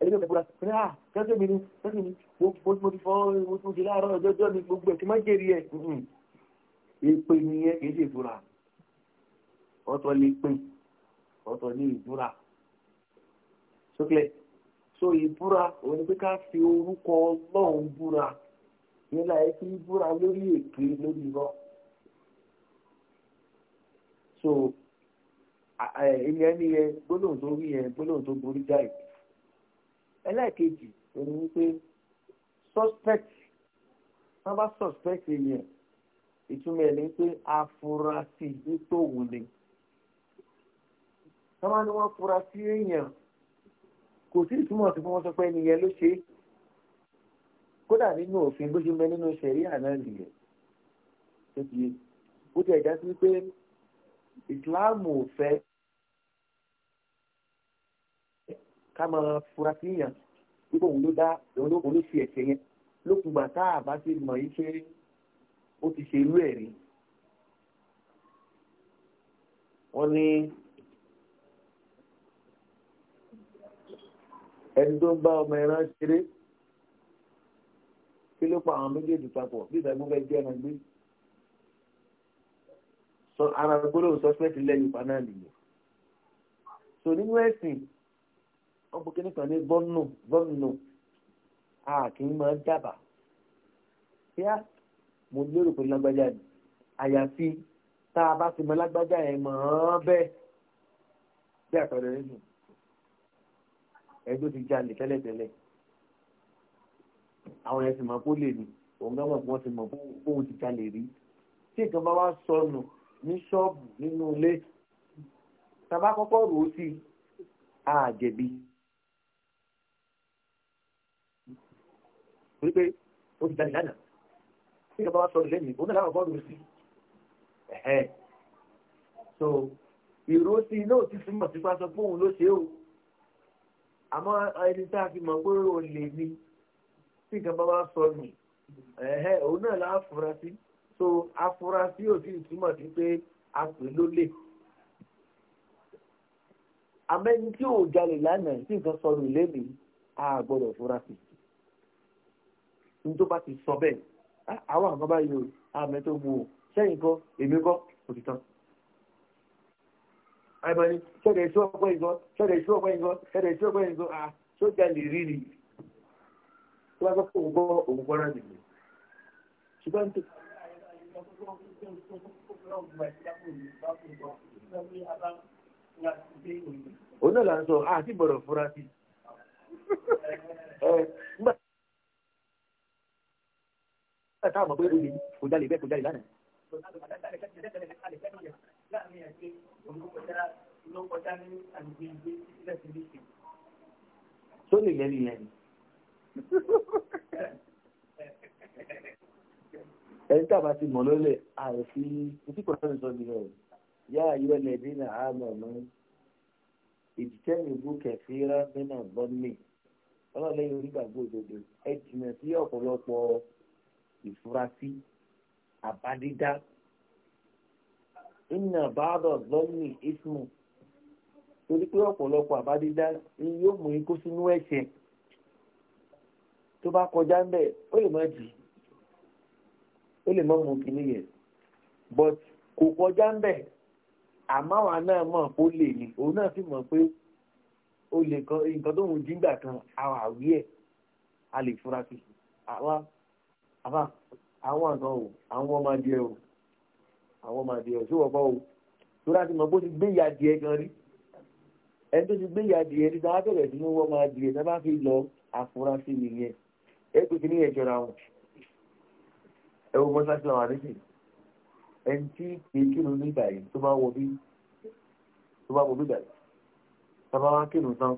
ẹni tó kẹ́kọ̀ọ́ pé ah kẹ́kẹ́ mi ni kẹ́kẹ́ mi mo ti fọ́ mo ti ṣe láàárọ̀ ọjọ́jọ́ mi gbogbo ẹ̀ kí n má jèrè ẹ̀ èpè nìyẹn kì í ṣe ìfura ọ̀tọ̀ lè pè ọ̀tọ̀ ní ìfura sókè so ìbúra òun ni pé ká fi orúkọ ọlọ́run búra nílà ẹ fi búra lórí èké lórí irọ́ so ilé ẹni yẹn gbólóhùn tó rí yẹn gbólóhùn tó borí jáì ẹlẹ́ẹ̀kejì ẹni wípé suspect wọ́n bá suspect yẹn ìtumọ̀ ẹ̀ ní pé afurasí nítòhùn ni wọ́n bá ní wọ́n fura sí èèyàn kò sí ìtumọ̀ sí fún wọn sọ pé ẹnìyẹn ló ṣe kódà nínú òfin bó ṣe mẹ nínú ṣẹ̀rí àná nìyẹn ó ti ẹ̀dá sí pé ìsìláàmù ò fẹ́ ká máa fura sí yàn wípé òun ló dá òun ló fi ẹ̀ṣẹ̀ yẹn lókùngbà tá a bá ti mọ̀ yí pé ó ti ṣe irú ẹ̀ rí. wọ́n ní ẹni tó ń bá ọmọ ẹran ṣeré kí ló pa àwọn méjèèjì papọ̀ bí ìdájọ́ fẹ́ jẹ́ ẹran gbé sọ ara gbólóhùn suspect ilẹ̀ yorùbá náà nìyẹn so nínú ẹ̀sìn wọ́n bu kíní kan ní gbọ́nù gbọ́nù a kì í máa dábàá bí a mo lérò pé lágbájá ni àyàfi tá a bá ti mọ lágbájá yẹn mọ̀ ọ́n bẹ́ẹ̀ bí àtọ̀rẹ́ rẹ̀ dùn ẹgbẹ́ ti jalè tẹ́lẹ̀tẹ́lẹ̀ àwọn yẹn ti mọ̀ kó lè ní òun gbọ́n mọ̀ pé wọ́n ti mọ̀ kó ti jalè rí tí nǹkan bá wá sọnù ní ṣọ́ọ̀bù nínú ilé tàbá kọ́kọ́ rò ó sí àjẹ̀bí. torí pé ó ti dalẹ̀ lánàá tí ìjọba wa sọ ilé mi òun náà láwọn kọ́kọ́ rò ó sí. so ìró sí iná ò ti túmọ̀ sí pásọ fún òun ló ṣe o àmọ́ ẹni tá a fi mọ̀ pé ó lè ní tí ìjọba wa sọ nù òun náà láà fura sí so afurasí ò sì túmọ̀ sí pé a pè lólè amẹ́ni tí ò jalè lánàá sí nǹkan sọnù lẹ́mí a gbọ́dọ̀ fura sí ní tó bá ti sọ bẹ́ẹ̀ àwọn àwọn báyìí o àmẹ́ tó mú o sẹ́yìn kọ́ èmi kọ́ òtítàn àìmọ̀ni ṣẹ̀dẹ̀ sí ọgbọ́n ìgbọ́ ṣẹ̀dẹ̀ sí ọgbọ́n ìgbọ́ ṣẹ̀dẹ̀ sí ọgbọ́n ìgbọ́ à tó jalè rí ni tó bá sọ pé òun gbọ́ òun gbọ́ rẹ̀ nìyẹn ṣùgbọ́n òun náà là ń sọ àti gbọ́dọ̀ fura sí nígbà tá a mọ̀ pé olè ní kò jalè bẹ́ẹ̀ kò jalè lánàá. sólè lẹ́nu yẹn ni ẹni tí a bá ti mọ̀ lólè àìsí etí kò sọ́nù sọ́nù rẹ̀ yá ayé lẹ́bí náà á mọ̀ mọ́ ìdíkẹ́mi bú kẹfìrá nínú bọ́ọ̀mì ọlọ́lẹ́yìn onígbàgbọ́ òdodo ẹ jìnnà sí ọ̀pọ̀lọpọ̀ ìfurasí àbádídá ìnà bàbá bọ́ọ̀mì ismu torí pé ọ̀pọ̀lọpọ̀ àbádídá ni yóò mú ikú sínú ẹ̀ṣẹ̀ tó bá kọjá ń bẹ̀ ó lè má jì í ó lè mọ́ mu kìíní yẹn but kò kọjá ń bẹ̀ àmọ́ àwa náà mọ̀ ó lè ní òun náà sì mọ̀ pé ó lè kan nǹkan tó ń jíngbà kan àwa àwí ẹ̀ a lè fura sí àwa àwa àwọn àgbọn o àwọn ọmọ adìẹ o àwọn ọmọ adìẹ o sí wọ́pọ̀ o tó láti mọ̀ bó ti gbé ìyá adìẹ gan rí ẹni tó ti gbé ìyá adìẹ rí tá a bẹ̀rẹ̀ sí ní wọ́n máa adìẹ tá a bá fi lọ àfurasí nìyẹn ẹ pèsè ní ẹ̀jọ̀ra wọn ẹwọ mọ́sáàtì làwọn àdéhùn ẹni tí kì í kírun ní ìgbà yìí tó bá wọ bí tó bá wọ bí ìgbà yìí tábà wá kírun tán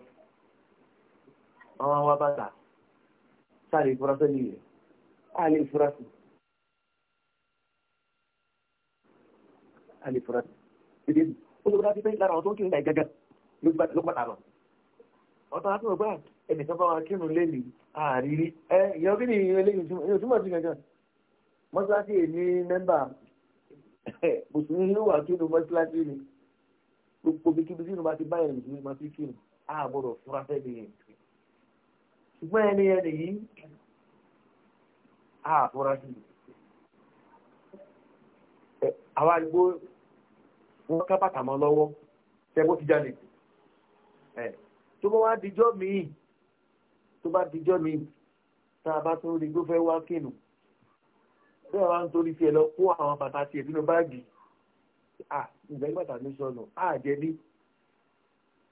àwọn wá bàtà sáà lè fura sẹ́yìn rẹ̀ á lè fura sí á lè fura sí ìdí olùkọ́ láti fẹ́ lára àwọn tó ń kírun ní ìgbà gẹ́gẹ́ ló gbàtà lọ ọ̀tọ̀ àti ọgbà ẹnìkan bá wa kírun lé ní àárírí ẹ ìyẹn kí ni ìyẹn lé yóò túmọ̀ sí gẹ́gẹ́ mọ́ṣáláṣí èmi mẹ́mbà mùsùlùmí ló wà kínú mọ́ṣáláṣí ni gbogbo bí kíbi sínú bá ti báyìí mùsùlùmí máa ti kínú á gbọ́dọ̀ fúra fẹ́ bí yẹn ṣùgbọ́n ẹni ẹni yìí á fúra sí i àwa àdúgbò wọn ká bàtà mọ́ lọ́wọ́ tẹ́gbó ti jalè tó bá wá dijọ́ míì tó bá dijọ́ míì tá a bá tún rí gbó fẹ́ wá kínú bẹ́ẹ̀ wá ń torí tiẹ̀ lọ kó àwọn bàtà tiẹ̀ nínú báàgì à ìgbà yìí bàtà mi sọnù à jẹ̀bi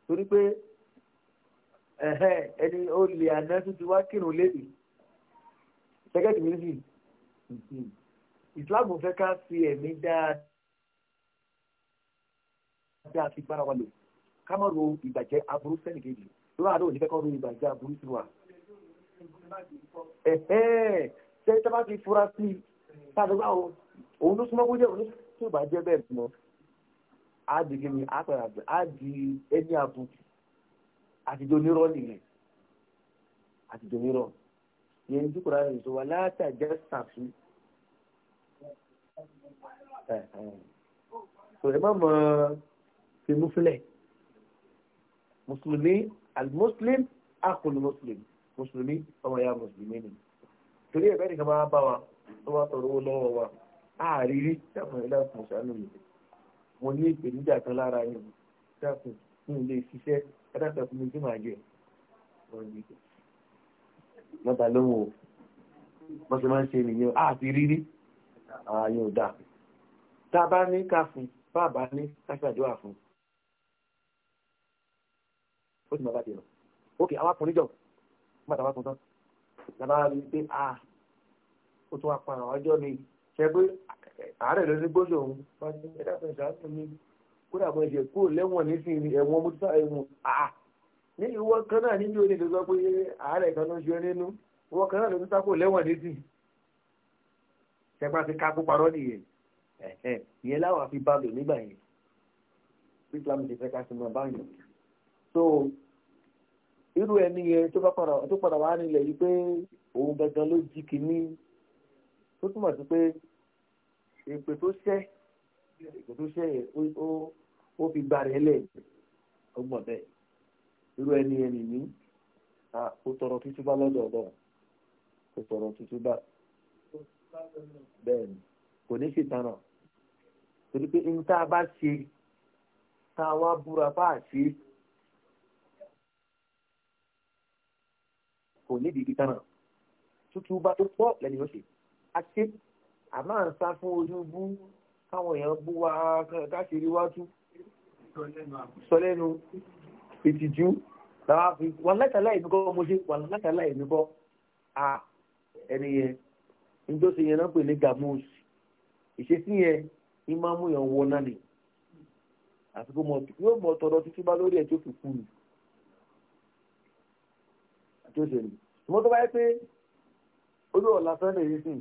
torí pé ẹni olè àná tún ti wá kírun lébi sẹ́kẹ́tì mi sì ìsìláàmù fẹ́ ká fi ẹ̀mí dáadáa fi gbára wa lò ká má ro ìbàjẹ́ aburú sẹ́nì kejì lóra àdó òní fẹ́ kọ́ ro ìbàjẹ́ aburú sí wa. ṣé tábà ti fura sí i tàbí o òun ló súnmọ́ bójú òun tí ò bá jẹ́ bẹ́ẹ̀ mọ́ a di kíni á pẹ̀lú àbẹ̀ á di ẹni àbùkù àtijọ́ onírọ́ nìyẹn àtijọ́ onírọ́ yẹn ní dúkùrá rẹ̀ sọ wà látàjẹ́ sàfù sọ ẹ má mọ fi mú sílẹ̀ mùsùlùmí alimuslim akùnrin mùsùlùmí mùsùlùmí ọmọ ya mùsùlùmí ni torí ẹ̀ bẹ́ẹ̀ ni kí wọ́n máa bá wa tó wá tọrọ owó lọ́wọ́ wa àárírí dákun ẹ̀ dákun ṣàánú mi mo ní ìpèníjà kan lára yẹn dákun mi ò lè ṣiṣẹ́ dákun fún mi tí màá jẹ mọ́ta lóhùn o wọ́n ṣe máa ń ṣe nìyẹn àti rírí ààyè ò dáa tá a bá ní ká fún bá ní ká ṣàdúrà fún ó sì máa bá tiẹ̀ lọ ókè àwọn akùnrin jọ nígbà tá a bá rí i pé a ah, ó tún wá pa àwọn ọjọ́ mi ṣe pé àárẹ̀ ló ní gbọ́dọ̀ òun wọ́n ti ẹ̀dá fẹ́ sàánú mi kódà mo ṣe kúrò lẹ́wọ̀n nísìnyí ẹ̀wọ̀n mo ti sá ẹ̀wọ̀n àá ní ìwọ kan náà níbi òní ló sọ pé àárẹ̀ kan ló ń ṣe nínú ìwọ kan náà ló ti sá kúrò lẹ́wọ̀n nísìnyí ṣẹpá ti ká kó parọ́ nìyẹn ìyẹn láwọn àfi bá lò nígbà yẹn islam ti fẹ́ ká sí máa báyọ̀ so irú ẹni yẹn tó padà wá nílẹ̀ yìí pé òun gangan ló jí kínní tó túmọ̀ sí pé èpè tó ṣẹ́ èpè tó ṣẹ́ yẹn ó fi gba rẹ̀ lẹ̀ ọgbọ̀n bẹ́ẹ̀ irú ẹni ẹni ní ó tọrọ tútú bá lọ́dọ̀ ọ̀dọ̀ ó tọrọ tútú bá bẹ́ẹ̀ ni kò ní ṣètànà torí pé n tá a bá ṣe tá a wá búra bá a ṣe kò nídìí ìtànà tútú bá tó pọ̀ lẹ́ni ó ṣe àti àmọ́ à ń sá fún ojú bú káwọn èèyàn bú wa káṣírí wá tú sọ lẹ́nu ìtìjú láwá fi wọn látàlá ìmúkọ́ mo ṣe wọn látàlá ìmúkọ́ à ẹni yẹn níjọ́ sí yẹn náà pè ní gamus ìṣesí yẹn ní máa mú yàn wọ náà ni àsìkò mọ yóò mọ tọrọ títí bá lórí ẹ tó fi kú ni àti òṣèlú ìmọ̀tọ́ báyìí pé olóòlà sunday yìí sìn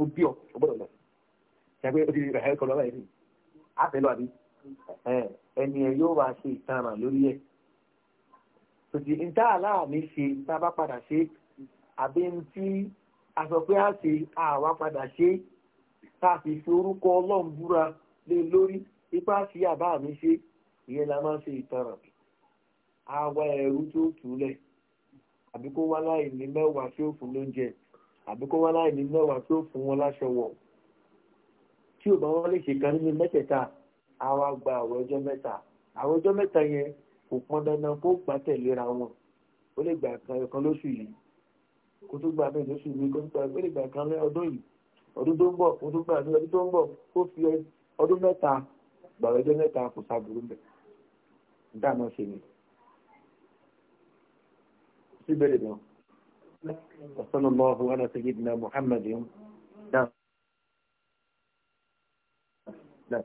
ó ọ ó lọ ṣàgbé ó ti rí ẹ̀hẹ́ àfẹ́lọ́ àbí ẹni ẹ̀ yóò ṣe ìtanràn lórí ẹ̀ tòtí níta aláàmì ṣe tá a bá padà ṣe àbí tí a sọ pé a ṣe àwa padà ṣe tá a sì fi orúkọ ọlọ́run búra lé lórí ipá sí àbá mi ṣe ìyẹn la máa ń ṣe ìtanràn àwa ẹ̀rú tó àbí kó wá láì ní mẹ́wàá tí ó fún wọn láṣọ wọ̀ tí ò bá wọn lè ṣe kan nínú mẹ́tẹ̀ẹ̀ta á wá gba àwọn ọjọ́ mẹ́ta àwọn ọjọ́ mẹ́ta yẹn kò pọn dandan kó gbà tẹ̀léra wọn ó lè gbà kan lóṣù yìí kó tó gbà bẹ́ẹ̀ lóṣù yìí kó tó gbà gbà kan ọdún yìí ọdún tó ń bọ̀ kó tó gbà ní ọdún tó ń bọ̀ kó fi ọdún mẹ́ta gbà ọjọ́ mẹ́ta kò sábùrú bẹ̀ dáná ṣe ni síbẹ̀ lè náà. وصلى الله على سيدنا محمد لا لا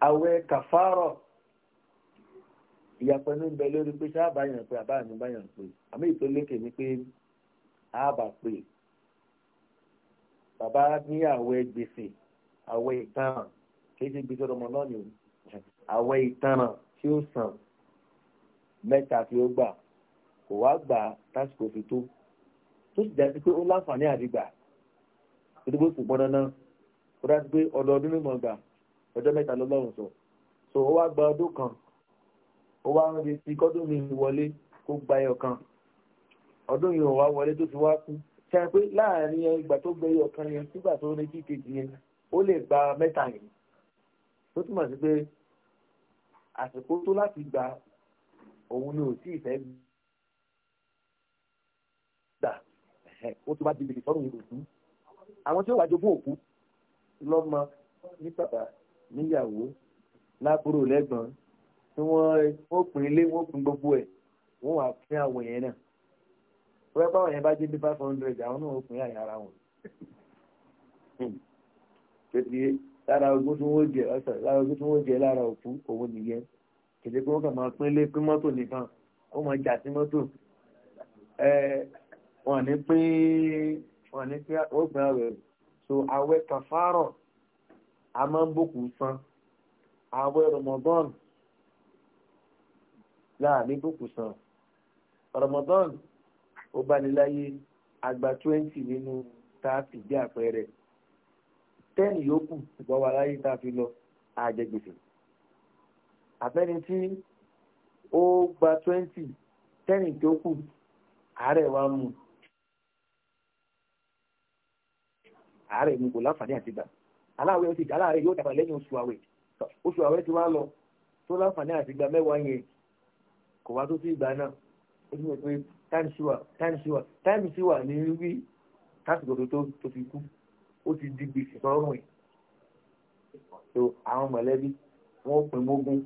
àwẹ̀ kàfàárọ̀ ìyàpẹ̀ ní bẹ lórí pé ṣáà bá yàn pé àbá àmì bá yàn pé àmì ìtòlékè ni pé àbà pé bàbá ní àwẹ̀ gbèsè àwẹ̀ ìtanràn kìí ṣe gbèsè ọmọ náà ni o àwẹ̀ ìtanràn tí ó sàn mẹ́ta tí ó gbà kò wá gbà tásìkò fi tó tó sì dájú pé ó láǹfààní àdìgbà ìdúgbò kò gbọ́n dandan ó dájú pé ọdọọdún mímọ̀ gbà ọjọ́ mẹ́ta lọ́lọ́run sọ so ó wá gba ọdún kan ó wá ń retí kọ́dún mi wọlé kó gba ẹyọ kan ọdún yìí ò wá wọlé tó fi wá kú ṣe pé láàrin ìgbà tó gbé ẹyọ kan yẹn sígbà tó retí kejì yẹn ó lè gba mẹ́ta yìí tó túmọ̀ sí pé àsìkò tó láti gba òun ni ò tí ì fẹ́ gbà ó tún bá di bèrè sọ́run òkú àwọn tí ó wà jogún òkú lọ́mọ ní bàbá níyàwó lábúrò lẹ́gbọ̀n tí wọ́n wọ́n pín ilé wọ́n pín gbogbo ẹ̀ wọ́n wà pín àwọn yẹn náà wọ́n bá wọn yẹn bá jẹ́ bí five hundred àwọn náà ó pín àyàrá wọn tètè lára ogún tí wọ́n jẹ ọ̀sán lára ogún tí wọ́n jẹ lára òkú òun nìyẹn kìdí pé wọ́n kàn máa pínlé pín mọ́tò nìkan ó máa jà sí mọ́tò wọ́n ní pín wọ́n ní pín ó gbà rẹ̀ so àwẹ̀ kàfárọ̀ a máa ń bòkù san àwẹ̀ Ramadan láàrin bòkù san Ramadan ó bá ní láyé àgbà twenty nínú thirty bí àpẹẹrẹ. ten yòókù ìgbọ́ wa láyé tá a fi lọ àjẹ gbèsè tí ó gba twenty tẹ́ẹ̀nì tó kù àárẹ̀ wa mú àárẹ̀ mi kò láǹfààní àti gbà aláàwẹ̀ ó ti dà yóò dàgbà lẹ́yìn oṣù àwẹ̀ oṣù àwẹ̀ ti wá lọ tó láǹfààní àti gbà mẹ́wàá yẹn kò wá tó sí ìgbà náà ó ti mọ̀ pé táìmù sí wà táìmù sí wà ní wí ó ti di gbèsè sọ́rùn ẹ̀ so àwọn mọ̀lẹ́bí wọ́n pín mógún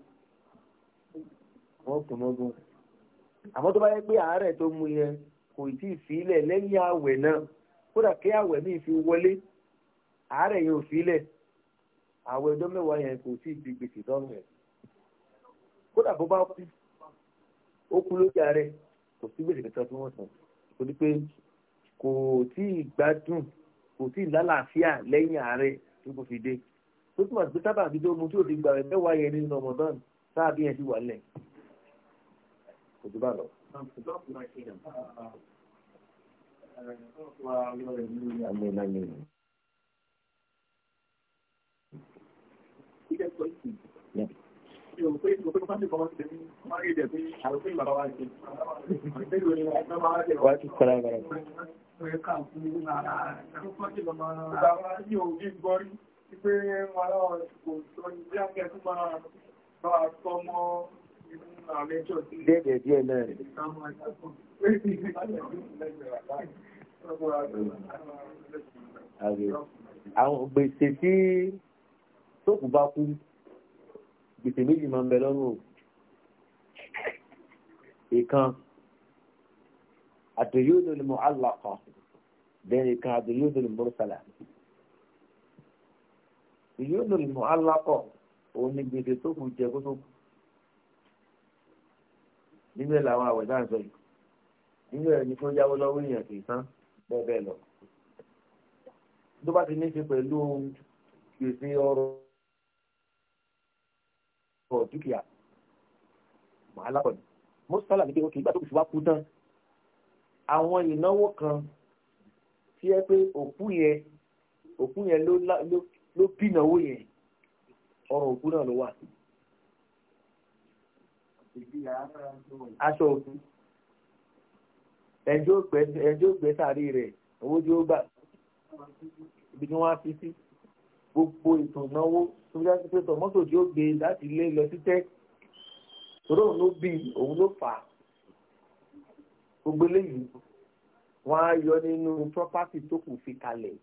wọ́n pín mógún àmọ́ tó bá yẹ pé àárẹ̀ tó mú yẹn kò tí ì sílẹ̀ lẹ́yìn àwẹ̀ náà kódà kí àwẹ̀ míì fi wọlé àárẹ̀ yẹn ò sílẹ̀ àwẹ̀ ọjọ́ mẹ́wàá yẹn kò tí ì di gbèsè sọ́rùn ẹ̀ kódà bó bá kú ó kú lókè àárẹ̀ kò sí gbèsè kẹta tí wọ́n sàn torí pé kò tí ì gbádùn kò tí ì lálàáfíà lẹ́yìn ààrẹ tó kò fi dé tó túmọ̀ sí sábà bí tó mu tí ò ti gbà rẹ̀ mẹ́wàá yẹn nínú ọmọdán sáà yẹn ti wà lẹ̀ kò tó bá lọ. Yeah Oye ká fún ara rẹ̀. Ẹ̀kọ́ kí lọ máa rán ara. Ìgbà wọn ní òbí gbọ́rí, pé wọn láwọn ìṣòkò tó ń bí akẹ́kọ̀ọ́ máa rán ọmọ ìlú àlejò sí. Dédé díẹ̀ náà rẹ̀. Àwọn gbèsè tí tókù bá kú, gbèsè méjì máa ń bẹ lọ́rùn. Ìkan. الديون المعلقة ذلك الديون المرسلة الديون المعلقة ونجد تفو جاكتو nínú ẹ̀ làwọn àwẹ̀ náà sọ yìí nínú ẹ̀ ní kó yáwó lọ́wọ́ èèyàn kì í san bẹ́ẹ̀ bẹ́ẹ̀ lọ. tó bá ti ní ṣe pẹ̀lú gbèsè ọrọ̀ dúkìá wàhálà pọ̀ ní mọ́sálà ní pé ó kì í gbà tó kù wá kú tán àwọn ìnáwó kan tí ẹ pé òkú yẹn òkú yẹn ló bínáwó yẹn ọ̀rọ̀ òkú náà ló wà. aṣọ òkú ẹjọ́ gbé sàárì rẹ̀ owó tí ó gbà ibi tí wọ́n á fi sí gbogbo ètò ìnáwó tó bí wọ́n ti pé tọ̀ mọ́tò tí ó gbé láti ilé lọ sí tẹ́ tòró òun ló bí òun ló fà á gbogbo eléyìí wọn á yọ nínú property tó kù fi kalẹ̀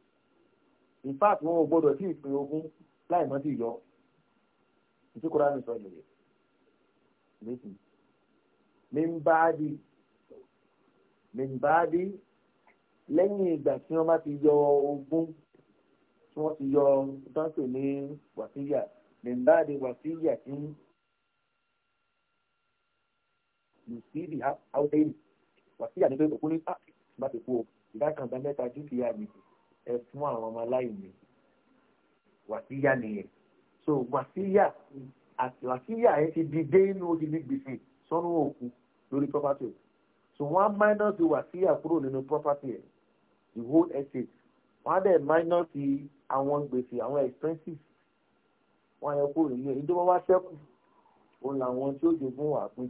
in fact wọn ò gbọdọ̀ sí ìpín ogún láì mọ́ sí yọ ìtìkúrá mi sọ nìyẹn lẹ́sìn mímbáàdì mímbáàdì lẹ́yìn ìgbà tí wọ́n bá ti yọ ogún tí wọ́n ti yọ dáńtò ní wàsíyà mímbáàdì wàsíyà tí lùsídì áwùtẹ́yìn wàsíyà ní pé òkú ní pààkì ah, bá ti kú o ìdá kan gba mẹ́ta dúkìá mi ẹ fún àwọn ọmọ aláìní wàsíyà nìyẹn so wàsíyà àti wàsíyà yẹn ti di dé inú ó ti ní gbèsè sọ́nù òkú lórí property so wọ́n á minus the wàsíyà kúrò nínú property ẹ̀ the whole estate wọ́n á dẹ̀ minus the àwọn gbèsè àwọn expenses wọ́n á yọ kúrò nínú ẹ̀ ìjọba wá ṣẹ́kù òun làwọn tí ó jogún wà pín.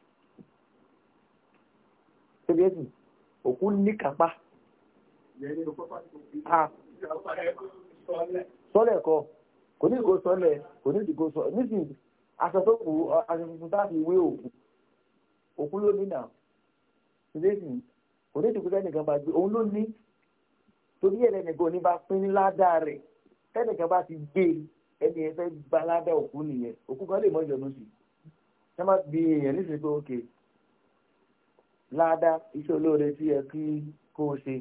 ṣebí ẹ̀sìn òkú ní kápá. sọ́lẹ̀ kọ kò ní ìkó sọ́lẹ̀ kò ní ìdìkó sọ́lẹ̀ nísìnyí aṣọ tó kù aṣọ tuntun tá a fi wé òkú òkú ló ní nà ṣebí ẹ̀sìn kò ní ìdìkó sẹ́ni kan bá gbé òun ló ní torí ẹ̀rẹ́ nìkan ní bá pín ní ládàá rẹ̀ tẹ́nì kan bá ti gbé ẹni ẹ fẹ́ gbaládà òkú nìyẹn òkú kan lè mọ ládá iṣẹ́ olóore tí ẹ kí kó o ṣe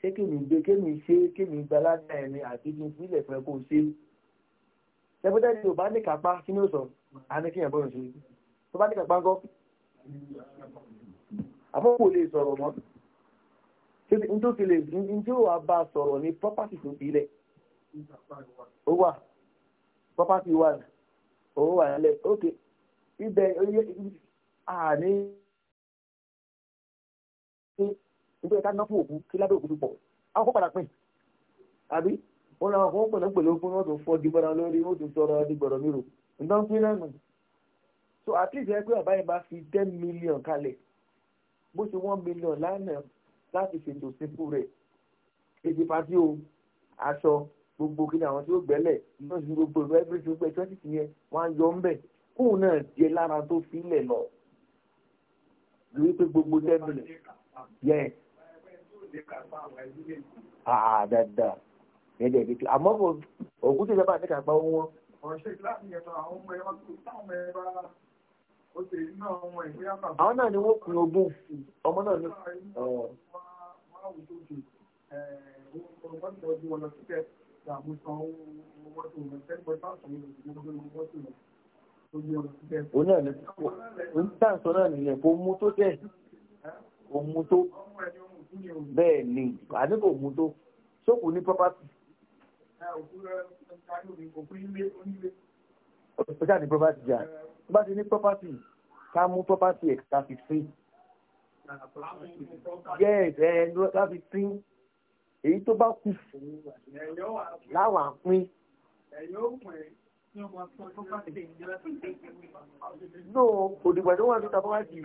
ṣé kèmí gbé kèmí ṣe kèmí gba ládá ẹni àti kí n fílẹ̀ fún ẹ kó o ṣe ṣẹpẹtẹ ni yorùbá ní kápá kí ni ó sọ àní kí yẹn bọ́rọ̀ ṣe tó bá ní kápá ńkọ́ àfọ́kù lè sọ̀rọ̀ mọ́ nítorí lè nítorí wàá bá a sọ̀rọ̀ ní property tó fi lẹ̀ ó wà property wà ó wà lẹ̀ ok ibẹ̀ àní pé nígbà ká ná fún òkú kí ládé òkú pọ̀ àwọn kó padà pín àbí wọn làwọn kan pẹ̀lú pẹ̀lú fún wọn tó fọ́ di bọ́ra lórí wọn tó tọrọ di gbọ̀rọ̀ mírò nǹkan pín náà nù so at least ẹgbẹ́ àbáyé bá fi ten million kalẹ̀ bó ṣe one million lánàá láti ṣètò sínkú rẹ̀ èdè pàtí o aṣọ gbogbo kí ni àwọn tí ó gbẹ́lẹ̀ náà ju gbogbo ìlú ẹgbẹ́ tó gbẹ twenty ti yẹn wọ́n á yọ ń bẹ̀ kóun náà jẹ lára tó fi lẹ̀ lọ lórí pé gbogbo ten million yẹ àdàdà ẹ̀jẹ̀ ìdíkì àmọ́ kò òkú tó ìjọba àtẹ́kà pa owó wọn. àwọn náà ni wọ́n kun ogún ọmọ náà ni òun náà ni ń tàn sọ náà nìyẹn kó mú tó tẹ̀ òmu tó bẹ́ẹ̀ ni àní kò mu tó sókù ní property. ó ṣáà ní property jà tó bá ti ní property ká mú property ẹ̀ ká fi sí. yes ká fi sí èyí tó bá kù láwàá pín. No, òdìgbà tó wà ní tàbí wájú.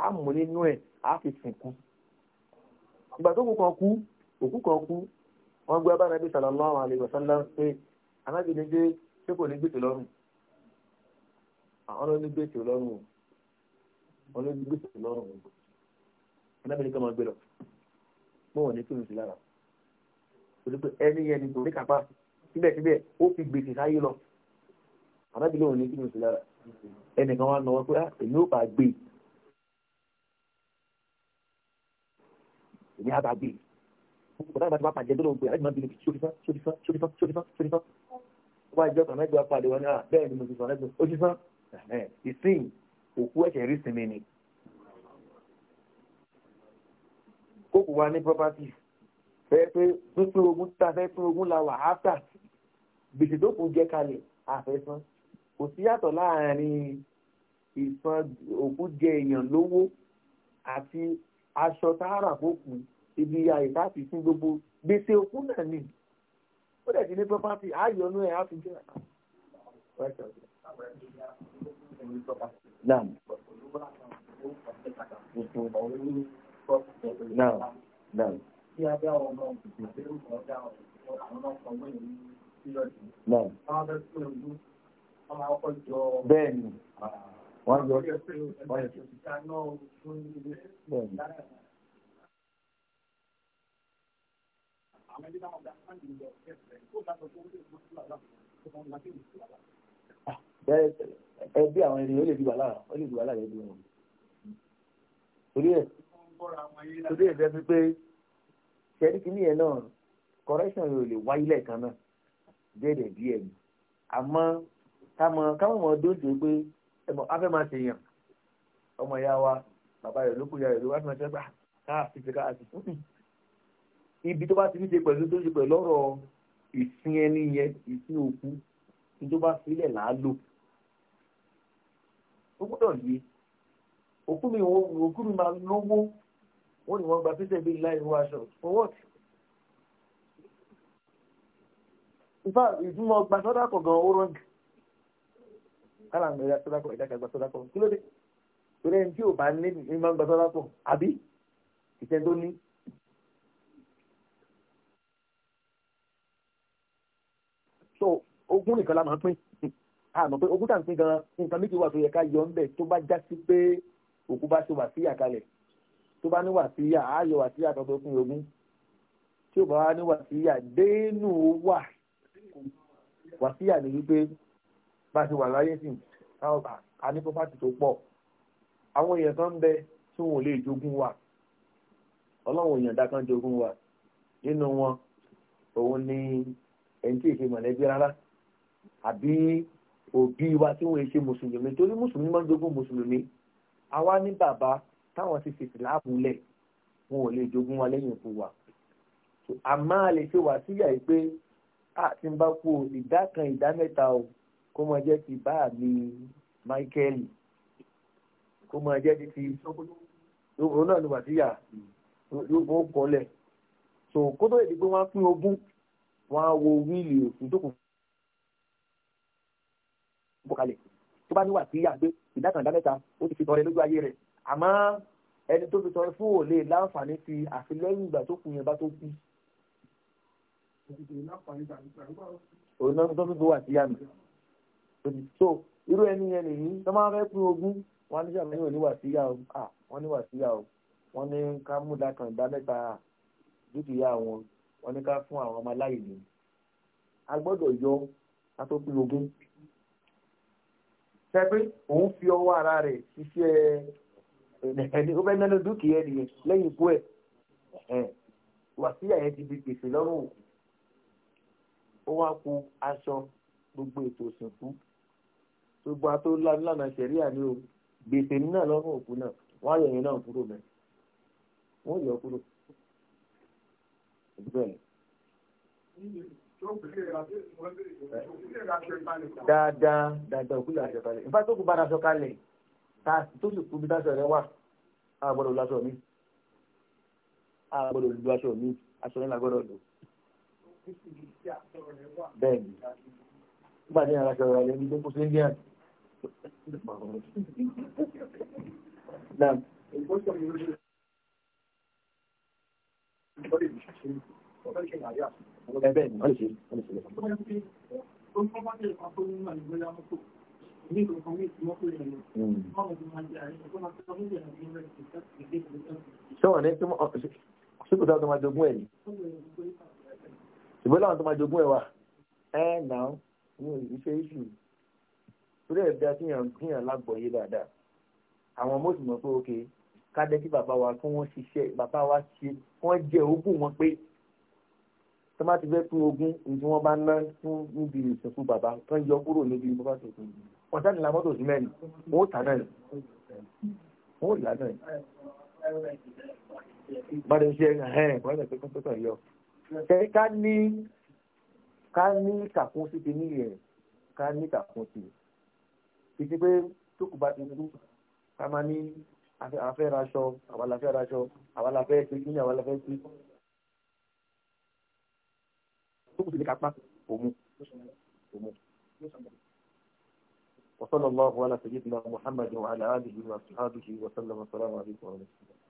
a mú nínú ẹ̀ a fi sìnkú ìgbà tó kù kan kú òkú kan kú wọ́n gbé abá nàbí sallallahu alaihi wasallam pé anábì ní gbé ṣé kò ní gbèsè lọ́rùn àwọn ah, ló ní gbèsè lọ́rùn o wọ́n ló ní o anábì ní kí wọ́n gbé lọ mo wọ̀n ní kí n sì lára torí pé ẹni yẹn ni kò ní kápá síbẹ̀síbẹ̀ ó fi gbèsè sáyé lọ anábì lóhùn ní kí n sì lára ẹnìkan wá nọ wọ́n pé ah, èmi ò bá gbé èmi á bá gbé gbogbo náà bá pàjẹ́ tó ló ń gbé aláìmọ́ bínú sórí fán sórí fán sórí fán sórí fán sórí fán wọ́n àjọ kan mẹ́jọ apàdé wọn náà bẹ́ẹ̀ ni mo ti sọ lẹ́gbẹ̀ẹ́ ó ti fán ìsìn òkú ẹ̀ṣẹ̀ rí sinmi ni kókò wa ní property fẹ́ pé pínpín ogún tá a fẹ́ pín ogún la wà áfà gbèsè tó kù jẹ́ kalẹ̀ àfẹ́sán kò sí yàtọ̀ láàrin ìsan òkú jẹ èèyàn lówó àti aṣọ tààrà fókùn ibi àìsá fi sí gbogbo gbèsè òkú náà ni ó dẹ̀ ti ní pọ́pátì àyọ̀nú ẹ̀ á fi jẹ́ Naam. Naam. Naam. Naam. Bẹ́ẹ̀ni. Wọ́n yọ. Bẹ́ẹ̀ni. Ah, bẹ́ẹ̀ ẹbí àwọn ènìyàn ó lè di wàhálà ó lè di wàhálà yẹn bí wọn. torí ẹ torí ẹ dẹ́bi pé ṣẹ́rí kìíní yẹn náà correction yóò lè wáyé lẹ́ẹ̀kan náà déédéé díẹ̀ ni àmọ́ káwọn káwọn ọmọ dóde pé ẹmọ afẹ́ máa ṣe yàn ọmọ ìyá wa bàbá rẹ̀ ló kú ìyá rẹ̀ ló wá sí máa ṣe káà sí ti káà sí fún mi ibi tó bá ti ní ṣe pẹ̀lú tó ṣe pẹ̀lú ọ̀rọ̀ ìsìn ẹni yẹn ìsìn òkú ní tó bá sílẹ̀ láálò ó gbọ́dọ̀ yé òkú mi òkú mi máa lówó wọ́n ní wọ́n gba pẹ́sẹ̀ bíi láì aṣọ for what? ìfà ìtumọ̀ gba sọ́dọ̀kọ̀ gan ó rọ́ǹgì kálá ń gba sọ́dọ̀kọ̀ ẹ̀dá kan gba sọ́dọ̀kọ̀ kí ló dé? torí ẹni tí ò bá ní ní máa ń gba sọ́dọ̀kọ̀ àbí ìtẹ́ńtó ní so ogún nìkan la máa pín àmọ́ pé ogún tàǹpín gan nǹkan méjì wà tó yẹ ká yọ ńbẹ̀ tó bá já sí pé òkú bá ṣe wàsíyà kalẹ̀ tó bá ní wàsíyà á yọ wàsíyà kan tó pín ogún tí ò bá wá ní wàsíyà dénú wà wàsíyà ni wípé bá ṣe wà láyé sí a ní pọ́pátì tó pọ̀ àwọn èèyàn kan ń bẹ tí wọn ò lè jogún wa ọlọ́run èèyàn dá kan jogún wa nínú wọn òun ni ẹni tí èsè mọ̀lẹ́bí rárá àbí òbí wa tí wọ́n ṣe mùsùlùmí torí mùsùlùmí máa ń jogún mùsùlùmí àwa ní bàbá táwọn ti fèsì láàbùlẹ̀ wọn ò lè jogún wa lẹ́yìn ikú wa àmọ́ a lè ṣe wà síyà yìí pé a ti ń bá kú o ìdá kan ìdá mẹ́ta o kó máa jẹ́ ti bá mi Michael kó máa jẹ́ ti ti òun náà ni wà síyà yóò kọ́lẹ̀ so kótó èdè pé wọ́n á pín ogún wọ́n á wo wíìlì òfin tó kù bọ̀ kalẹ̀ tó bá ní wà sí àgbẹ̀ ìdákàndá mẹ́ta ó ti fi tọrẹ lójú ayé rẹ̀ àmọ́ ẹni tó fi tọrẹ fún òòlè láǹfààní ti àfilẹ́yìn ìgbà tó kù yẹn bá tó kú. òun náà tó fi tó wà sí àmì so irú ẹni yẹn nìyí tó máa fẹ́ pín ogún wọn ní sàmúlò ní wà sí yàwó wọn ní wà sí yàwó wọn ní ká mú dákàndá mẹ́ta dúkìá wọn wọ́n ní ká fún àwọn ọmọ aláìní a gbọ́dọ̀ yọ atópin ogún sẹ́pẹ́ òun fi ọwọ́ ara rẹ̀ ṣiṣẹ́ ẹni ó fẹ́ nánú dúkìá ẹni lẹ́yìn ikú ẹ̀ wàsíyà yẹn ti di gbèsè lọ́rùn ó wá ku aṣọ gbogbo ètò ìsìnkú gbogbo ató lánàá ṣẹ̀ríà ni o gbèsè náà lọ́rùn òkú náà wọ́n á yọ náà kúrò mẹ́ wọ́n yọ kúrò bẹ́ẹ̀ dáadáa dáadáa òkú ìlànà ìṣẹ̀kalẹ̀ ìfá tó kù bá daṣọ kalẹ̀ tó sì kú bí daṣọ rẹ wà àgbọ̀dọ̀ lọ aṣọ mi àgbọ̀dọ̀ lọ aṣọ mi aṣọ mi làgbọ̀dọ̀ lò bẹ́ẹ̀ nígbà tí ìrìnàjò rẹ̀ lè ní gbogbo sí india Thank you ẹ̀bẹ̀ ni wọ́n lè ṣe wọ́n lè ṣe sọ́wọ́n ní tí ṣíkò tó máa jogún ẹ̀ ni ṣùgbọ́n láwọn tó máa jogún ẹ̀ wà ẹ̀ náà ní ìṣe ìṣù torí ẹ̀dá tíyàn tíyàn lágbọ̀ọ́yé dáadáa àwọn ọmọ òsì mọ̀ pé ókè ká dẹ́ kí bàbá wa kí wọ́n ṣiṣẹ́ bàbá wa ṣe wọ́n jẹ́ ogún wọn pé tó má ti fẹ́ pín ogún ní tí wọ́n bá ná fún níbi ìsìnkú bàbá tó ń yọ kúrò níbi bàbá tó kù ọ̀tá nìlá mọ́tò sí mẹ́rin wọ́n ó tà náà wọ́n ó là náà bàdé ṣe ẹ̀hẹ́n bàdé ṣe pínpín pẹ̀lú yọ. ká ní ká ní kàkún sí ti níyẹn ká ní kàkún sí títí pé tó kù bá ti dúró ká máa ní afẹ́ raṣọ àwọn la fẹ́ àwọn la ṣe kí ni àwọn la ṣe tó kù sí ní kápá òmu òmu. وصلى الله على سيدنا محمد وعلى آله وصحبه وسلم والسلام عليكم ورحمة الله